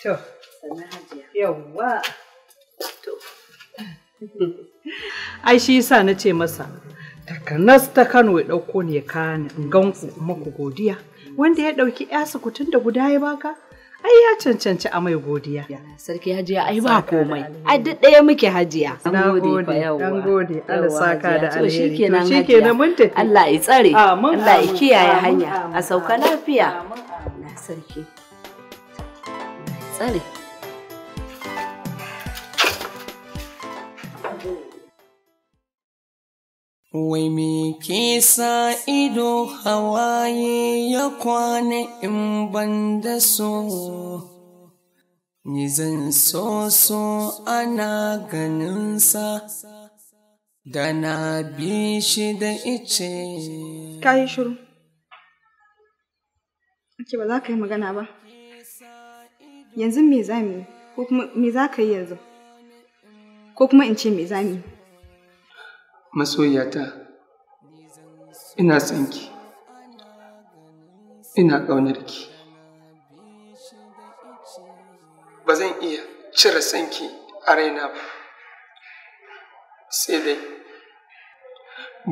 To, yawwa. To. ai shi yasa na ce masa takanas ta Kano ya ɗauko ne ya kani in ganku maku godiya wanda ya ɗauki yasa kutun da guda ya baka ai ya cancanci a mai godiya sarki hajiya ai ba komai a duk ɗaya muke hajiya na gode an gode Allah saka da alheri to shikenan mun tafi Allah ya tsare Allah ya kiyaye hanya a sauka lafiya na sarki tsare Wai me ke sa ido hawaye ya kwana in ban da so, ni zan so so ana ganinsa, da na bi shi da ice. Ka yi shiru, ake ba za ka yi magana ba, yanzu me za mu yi, ko kuma me za ka yi yanzu? ko kuma in ce me zami masoyata ina tsanki, ina ƙaunar ki ba zan iya cire tsanki a raina ba sai dai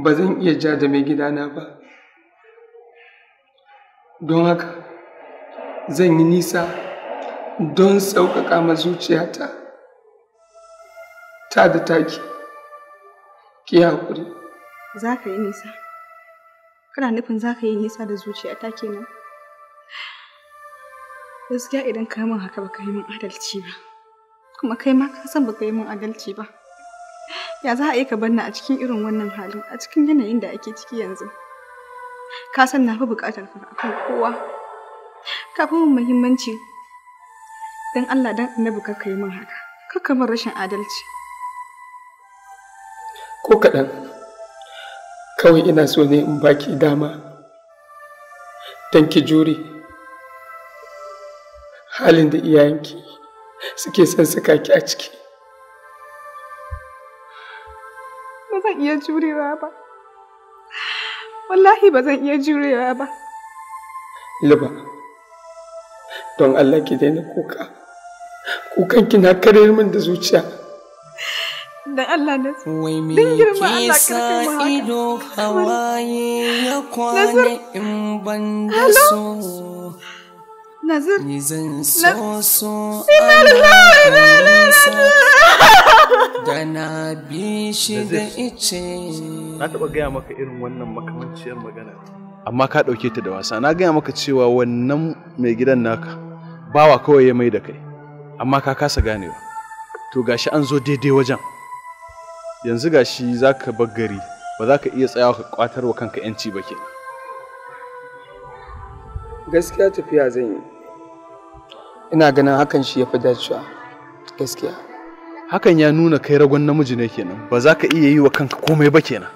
ba zan iya ja da mai gidana ba don haka zan yi nisa don sauƙaƙa ma zuciyata ta da taki ki haƙuri za ka yi nisa kana nufin za ka yi nisa da zuciya ta kenan gaskiya idan ka min haka ba ka yi min adalci ba kuma kai ma ka san ba ka yi min adalci ba ya za a yi ka banna a cikin irin wannan halin a cikin yanayin da ake ciki yanzu ka san na fi buƙatar ka akan kowa ka fi min muhimmanci don allah don annabi ka yi min haka ka kamar rashin adalci ko kaɗan kawai ina so ne in baki dama don ki jure halin da iyayenki suke son saka ki a ciki ba zan iya jurewa ba wallahi ba zan iya jurewa ba liba don allah ki daina kuka kukan kina karyar min da zuciya da Allah na wai me ke sa ido hawaye ya kwane in ban da so Nazir ni zan so so da na bi shi da ice na taɓa gaya maka irin wannan makamanciyar magana amma ka ɗauke ta da wasa na gaya maka cewa wannan mai gidan naka bawa kawai ya mai da kai amma ka kasa ganewa to gashi an zo daidai wajen yanzu ga shi za ka bar gari ba za ka iya tsayawa ka kwatar wa kanka yanci ba ke gaskiya tafiya zan yi ina ganin hakan shi ya fi dacewa gaskiya hakan ya nuna kai ragon namiji ne kenan ba za ka iya yi wa kanka komai ba kenan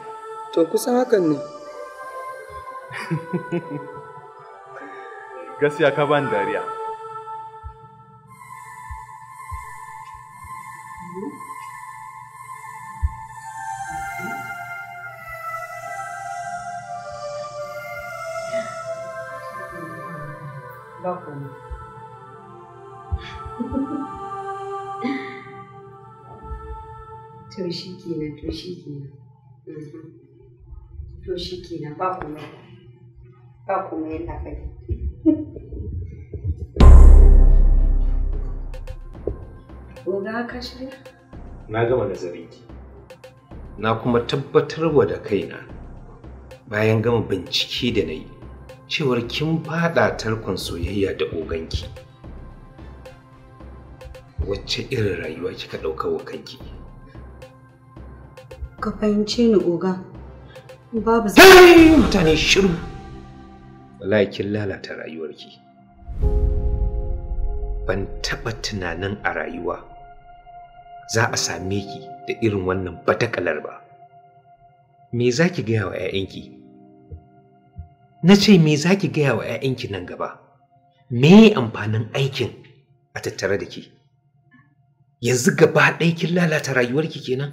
to kusan hakan ne gaskiya ka ban dariya ba to shi kenan to shi kenan to shi kenan ba kuma ba komai yadda kai Oga ka shirya? Na gama nazarin ki. Na kuma tabbatarwa da kaina bayan gama bincike da na yi. cewar kin fada tarkon soyayya da oganki wacce irin rayuwa kika ɗauka wa kanki ka fahimce ni oga babu zai mutane shiru wallahi kin lalata rayuwarki ban taɓa tunanin a rayuwa za a same ki da irin wannan batakalar ba me za ki gaya wa 'ya'yanki na ce me za ki gaya wa 'ya'yanki nan gaba me amfanin aikin a tattare da ke yanzu gaba ɗaya kin lalata rayuwar ki kenan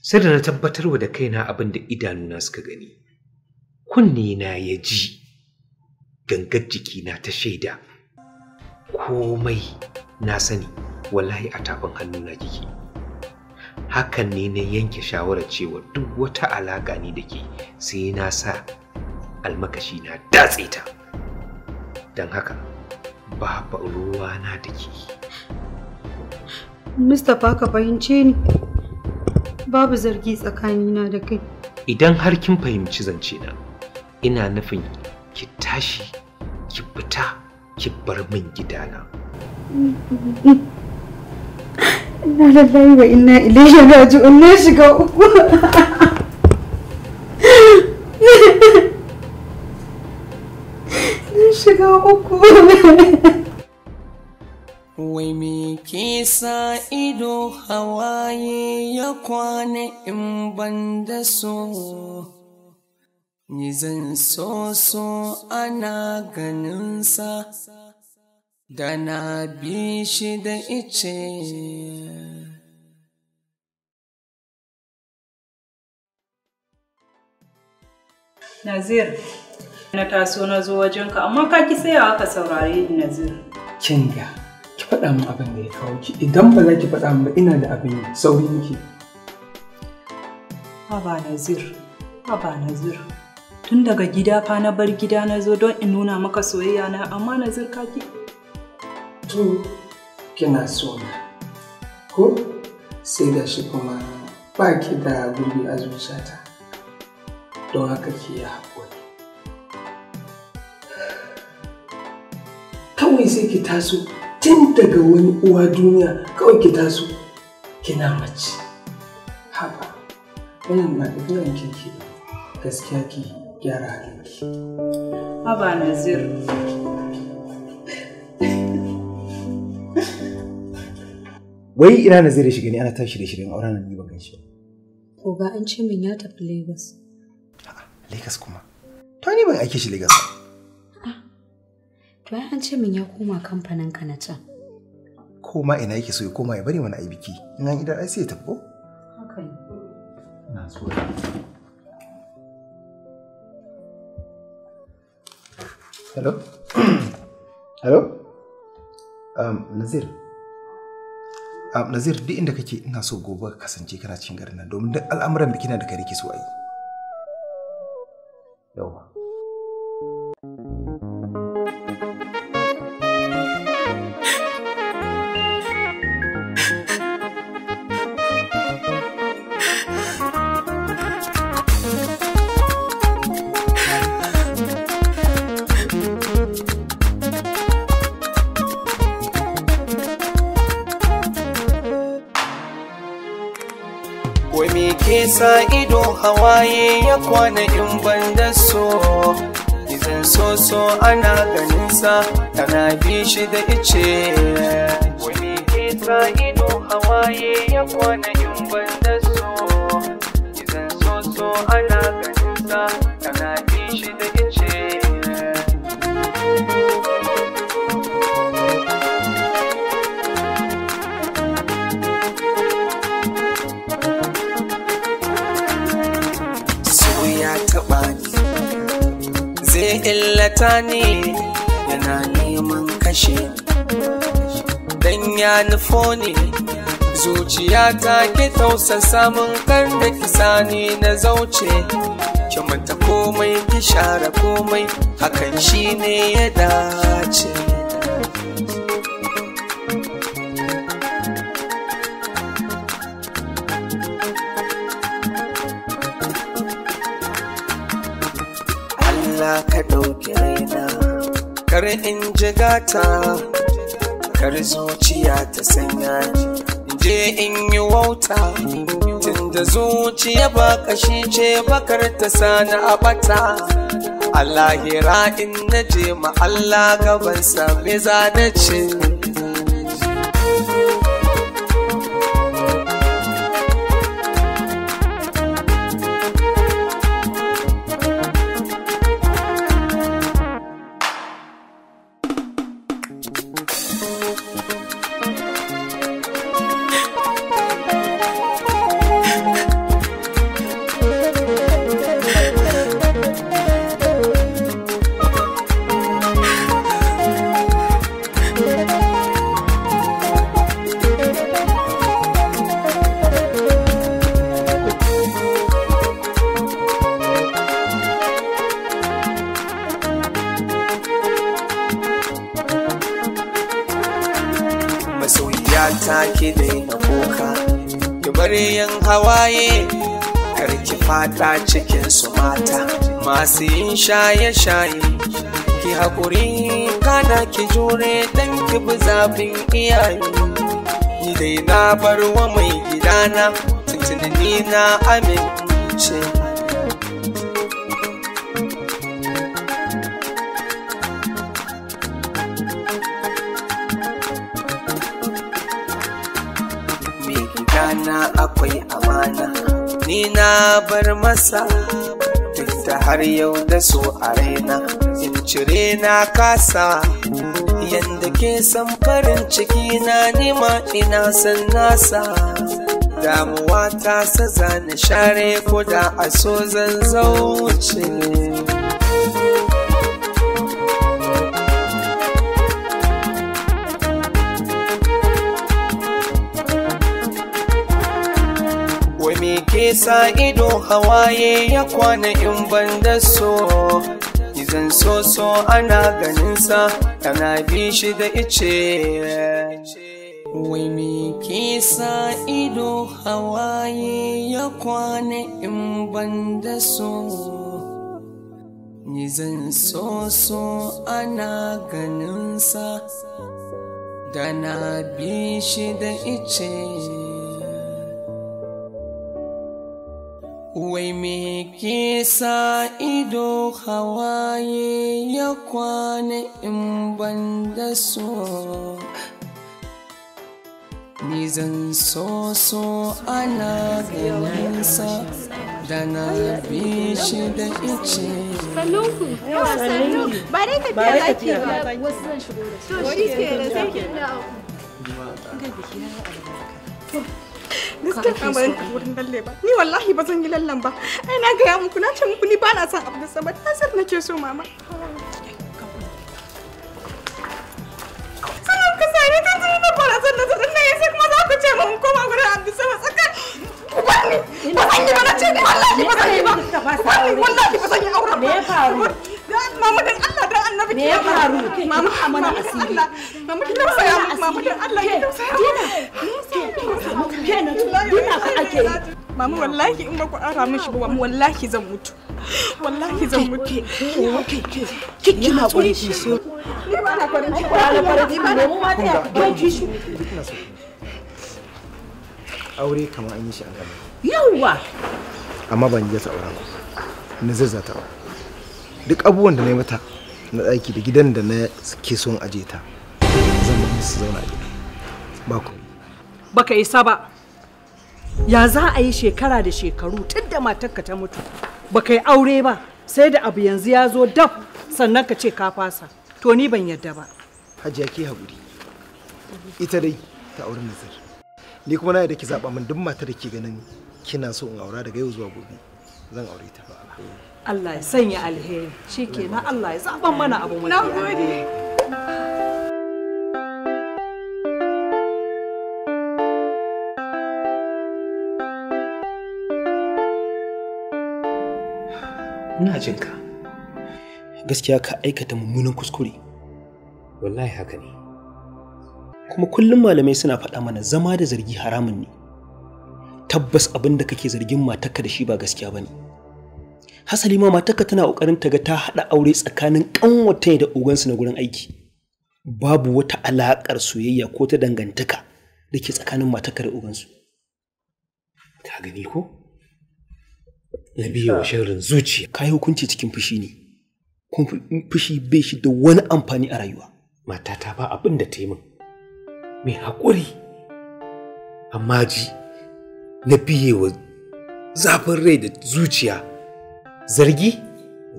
sai da na tabbatarwa da kaina abin da idanuna suka gani kunne na ya ji gangar jikina ta shaida komai na sani wallahi a tafin hannuna kike hakan ne na yanke shawarar cewa duk wata alaƙa ne da ke sai na sa almakashi na datse ta don haka babu ruwa na da ke mustapha ka fahimce ni babu zargi tsakanina da kai idan har kin fahimci zance na ina nufin ki tashi ki fita ki bar min gidana mm, mm, mm. Inna lillahi wa inna ilaihi raji'un na shiga uku. Na shiga uku. Wai me ke sa ido hawaye ya kwana in ban da so. Ni zan so so ana ganin sa? da na bi shi da ice Nazir, na taso na zo wajenka amma ka ki sayawa ka saurare ni Nazir. Kinga, ki faɗa min abin da ya kawo ki idan ba za ki faɗa min ba ina da abin sauri miki. Haba Nazir, haba Nazir. Tun daga gida fa na bar gida na zo don in nuna maka soyayya na amma Nazir ka ki mutum kina so ko sai da shi kuma ba ki da gurbi a zuciyata don haka ki yi haƙuri kawai sai ki taso tun daga wani uwa duniya kawai ki taso kina mace haba wannan ba yanke kirki gaskiya ki gyara halinki haba nazir wai ina na zai da shiga ne ana tashi da shirin auren nan ni ba ganshi ba an ce min ya tafi Lagos. A'a, Lagos kuma? To ni ban aike shi Lagos A'a. To an ce min ya koma kamfanin ka na can. Koma ina yake so ya koma ya bari wani ai biki. In an idan ai sai ya tafi ko? Haka ne. Na so. Hello? Hello? Um, Nazir. Nazir duk inda kake ina so gobe ka kasance kana cikin garin nan domin duk al'amuran da kina da kai kake so a yi. Yawa. sa ido hawaye ya kwana in ban da so izan so so ana ganin sa tana bi shi da ice wani ke sa ido hawaye ya kwana sani yana neman kashe dan ya nufo ne zuciya ta ke tausasa mun kar da sani na zauce ki mata komai ki share komai hakan shine ya dace ta kar zuciya ta sanya je in yi wauta tunda zuciya ba kashi ce bakar ta sani a bata a lahira in na je ma Allah gabansa me za na ce shaye-shaye ki haƙuri kada ki jure dan ki bi zafin iyaye ni dai na bar wa mai gidana tuntunani na amince Mai na akwai amana ni na bar masa har yau da so a raina in cire na kasa yadda ke san farin ciki na nima ina san nasa damuwa ta saza na share ko da a so zan zauce sa ido hawaye ya kwana in ban da so izan so so ana ganinsa tana bi shi da ice wai me ke sa ido hawaye ya kwana in ban da so izan so so ana ganinsa da na bi shi da ice Wai me ke sa ido hawaye ya kwana in ban da so. zan so so ana ganinsa da na bi shi da ice. gaskiya kan barin tafi wurin lalle ba ni wallahi ba zan yi lallan ba ai na gaya muku na ce muku ni ba na son abdul samad nasir nake so mama sanan ka sani tun tun na bara zan da zan ne sai kuma za ku ce mun koma gurin abdul samad tsaka ba ni ba zan yi ba na ce ni wallahi ba zan yi ba ni wallahi ba zan yi auren ba Mama dan Allah dan Annabi ki yaba. Mama amana asiri. Mama ki tausaya mu mama dan Allah ki tausaya mu. Dina ake Mama wallahi in ba ku ara mishi ba wallahi zan mutu. Wallahi zan mutu. Ki ki hakuri ki so. Ni ne ta ya. ki Aure kamar an yi shi duk abubuwan da na yi mata na ɗaki da gidan da na ke son aje ta zan ba su zauna a gida ba ku baka isa ba ya za a yi shekara da shekaru tun da matarka ta mutu baka yi aure ba sai da abu yanzu ya zo daf sannan ka ce ka fasa to ni ban yadda ba hajiya ke haƙuri ita dai ta auri nazar ni kuma na da ki zaɓa min duk matar da ke ganin kina so in aura daga yau zuwa gobe zan aure ta ba Allah ya sanya alheri shi Allah ya zaɓan mana abu mafi Na gode. Ina jin ka. Gaskiya ka aikata mummunan kuskure. Wallahi haka ne. Kuma kullum malamai suna faɗa mana zama da zargi haramun ne. Tabbas abin da kake zargin matarka da shi ba gaskiya bane. hasali ma matarka tana ƙoƙarin ta ga ta haɗa aure tsakanin ƙanwata da ogansu na gurin aiki babu wata alaƙar soyayya ko ta dangantaka da ke tsakanin matarka da ogansu Ta gani ko na wa shirin zuciya ka yi hukunci cikin fushi ne kuma fushi bai shi da wani amfani a rayuwa Mata ta ba abin da ta yi min mai haƙuri amma ji na biye wa zafin rai da zuciya zargi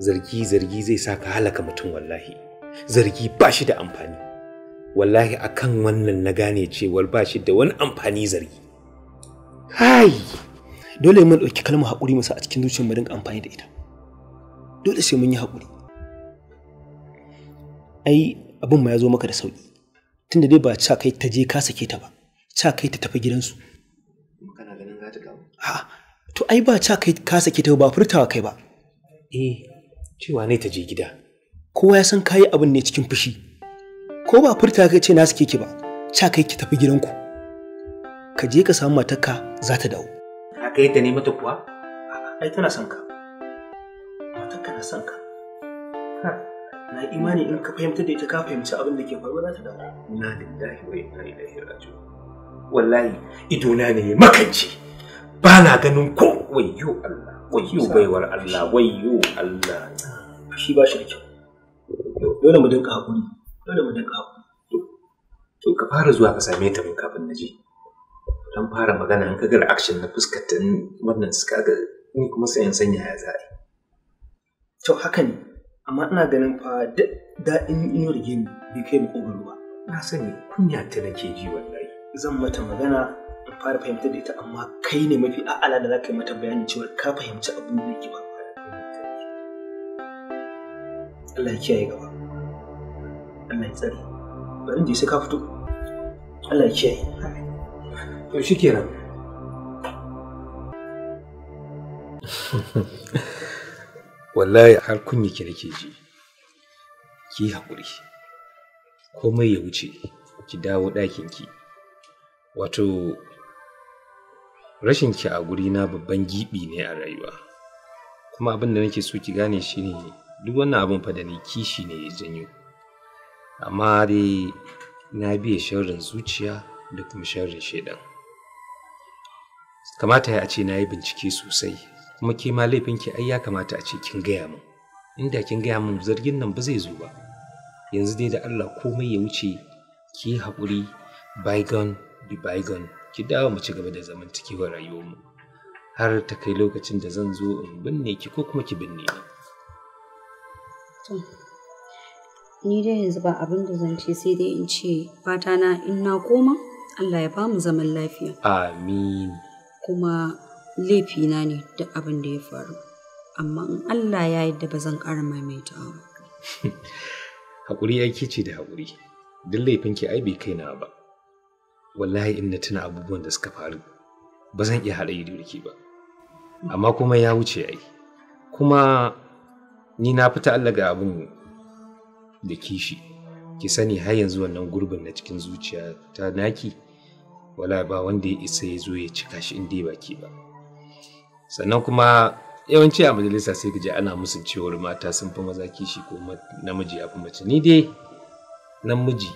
zargi zargi zai sa ka halaka mutum wallahi zargi ba shi da amfani wallahi akan wannan na gane cewar ba shi da wani amfani zargi Hai! dole mun ɗauki kalmar haƙuri masa a cikin zuciyar mu amfani da ita dole sai mun yi haƙuri ai abin ma ya zo maka da sauƙi tunda dai ba ca kai ta je ka sake ta ba ca kai ta tafi gidansu kana ganin za ta to ai ba ca kai ka sake ta ba furtawa kai ba eh cewa ne ta je gida kowa ya san kayi abin ne cikin fushi ko ba furta ka ce na suke ki ba ca kai ki tafi gidanku ka je ka samu matarka za ta dawo ka kai ta ne mata kuwa ai tana son ka matarka na son ka na imani in ka fahimta da ita ka fahimci abin da ke faruwa za ta dawo na da lillahi wa da hira raji'un wallahi idona ne makance ba na ganin ko wayyo Allah wayyo baiwar Allah wayyo Allah shi ba shi da kyau dole mu dinka hakuri dole mu dinka hakuri to ka fara zuwa ka same ta mun kafin na je dan fara magana in ka ga reaction na fuskar ta wannan suka ga ni kuma sai in sanya ya zai to haka ne amma ina ganin fa daɗin rige ni bai kai mu ƙogar ruwa na sani kunya ta nake ji wallahi zan mata magana fara fahimtar da ita amma kai ne mafi a'ala da za ka yi mata bayanin cewa ka fahimci abin da yake ba Allah ya kiyaye gaba Allah ya tsare bari da sai ka fito Allah ya kiyaye to shi kenan wallahi har kunni ki nake ji ki hakuri, komai ya wuce ki dawo ɗakin ki wato rashin ki a guri na babban gibi ne a rayuwa kuma abin da nake so ki gane shi ne duk wannan abin fa da ni kishi ne ya janyo amma dai na biye sharrin zuciya da kuma sharrin shaidan kamata ya ce na yi bincike sosai kuma ke ma laifinki ai ya kamata a ce kin gaya min inda kin gaya min zargin nan ba zai zo ba yanzu dai da allah komai ya wuce ki haƙuri bygone be bygone ki dawo mu ci gaba da zamantakewar rayuwarmu har ta kai lokacin da zan zo in binne ki ko kuma ki binne ni. Ni dai yanzu ba abin da zan ce sai dai in ce fata na in na koma Allah ya bamu zaman lafiya. Amin. Kuma na ne duk abin da ya faru. Amma in Allah ya yadda ba zan ƙara maimaita ba. Hakuri ya ce da hakuri, Duk laifin ai bai kaina ba. wallahi in na tuna abubuwan da suka faru ba zan iya haɗa ido da ba amma kuma ya wuce ai kuma ni na fita Allah ga abin da kishi ki sani har yanzu wannan gurbin na cikin zuciya ta naki wala ba wanda ya isa ya zo ya cika shi inda ba ki ba sannan kuma yawanci a majalisa sai ka ana musu cewar mata sun fi maza kishi ko namiji ya fi mace ni dai namiji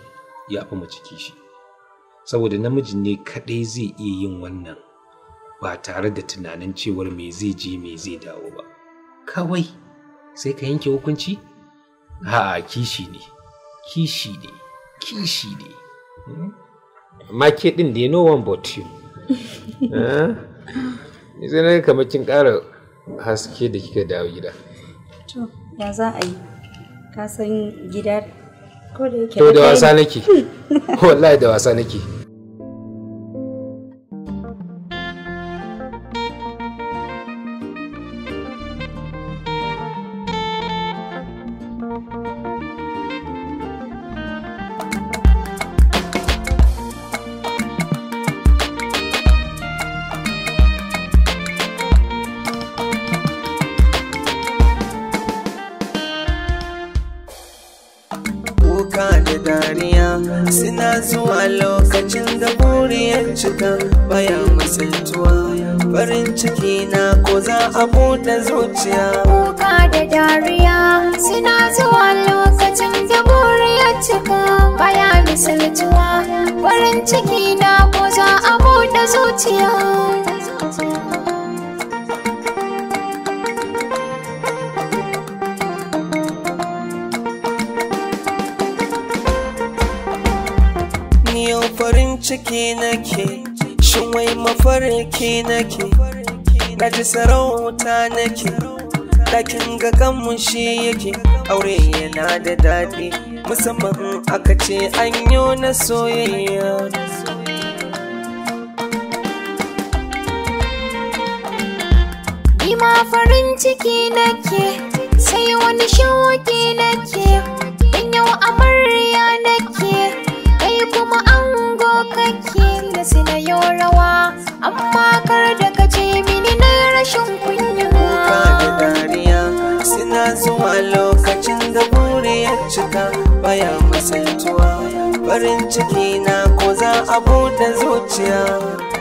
ya fi mace kishi saboda namiji ne kaɗai zai iya yin wannan ba tare da tunanin cewar me zai je me zai dawo ba kawai sai ka yanke hukunci ha kishi ne kishi ne kishi ne hmm? amma ke ɗin da no one but you eh? sai na kamar kin ƙara haske da kika dawo gida to ya za a yi ka san gidar to da wasa nake wallahi da wasa nake ka baya misaltuwa farin ciki na ko za a buɗe zuciya kuka da dariya suna zuwa lokacin da ya cika baya misaltuwa farin ciki na ko za a buɗe zuciya mafarki nake na ji sarauta nake ɗakin ga mun shi yake aure yana da daɗi musamman aka ce an na soyayya ma farin ciki nake sai wani shauki nake in yau amar amma kar da ka ce mini na rashin kunya kuka da dariya suna zuwa lokacin da ya cika baya masantuwa farin ciki na ko za a buɗe zuciya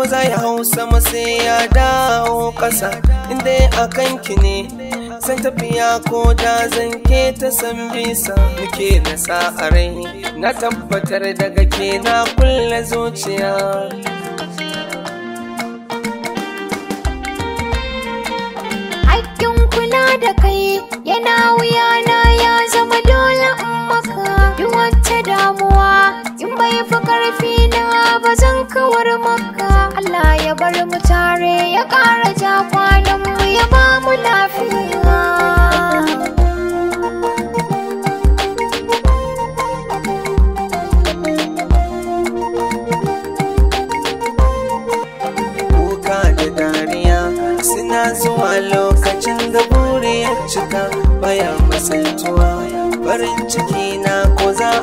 ko za ya hau sama sai ya dawo ƙasa inda a kanki ne san tafiya ko da zan ke ta san bisa muke da sa'arai na tabbatar daga ke na kulle zuciya kula da kai yana wuya na ya zama dole in maka duk wacce damuwa in bai fi karfi na wajen kawar maka Allah ya bar mu tare ya ƙara ja mu ya ba mu lafiya Kuka da dariya suna zuwa lokacin da buri ya cika bayan masantuwa farin ciki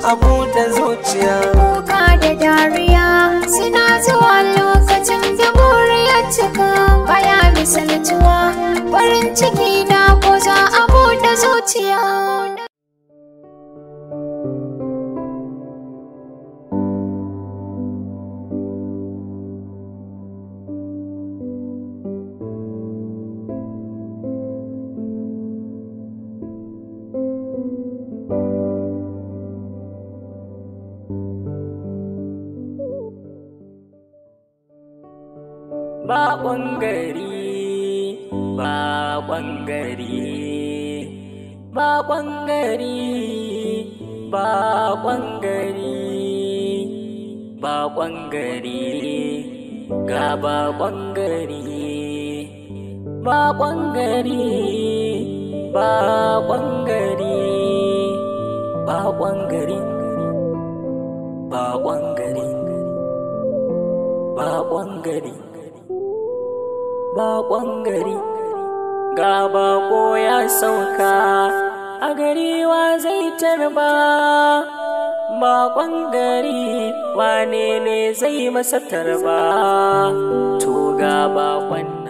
abu da zuciya kuka da dariya suna zuwa lokacin da buri cika baya misaltuwa farin ciki na ko za abu zuciya ba ɓangare ba ɓangare ba ɓangare ba ɓangare ba ɓangare ga ba ɓangare ba ɓangare ba ɓangare ba ɓangare ba ɓangare ba ɓangare bakon gari ga bako ya sauka a gari wa zai tarba bakon gari wane ne zai masa tarba to ga bakon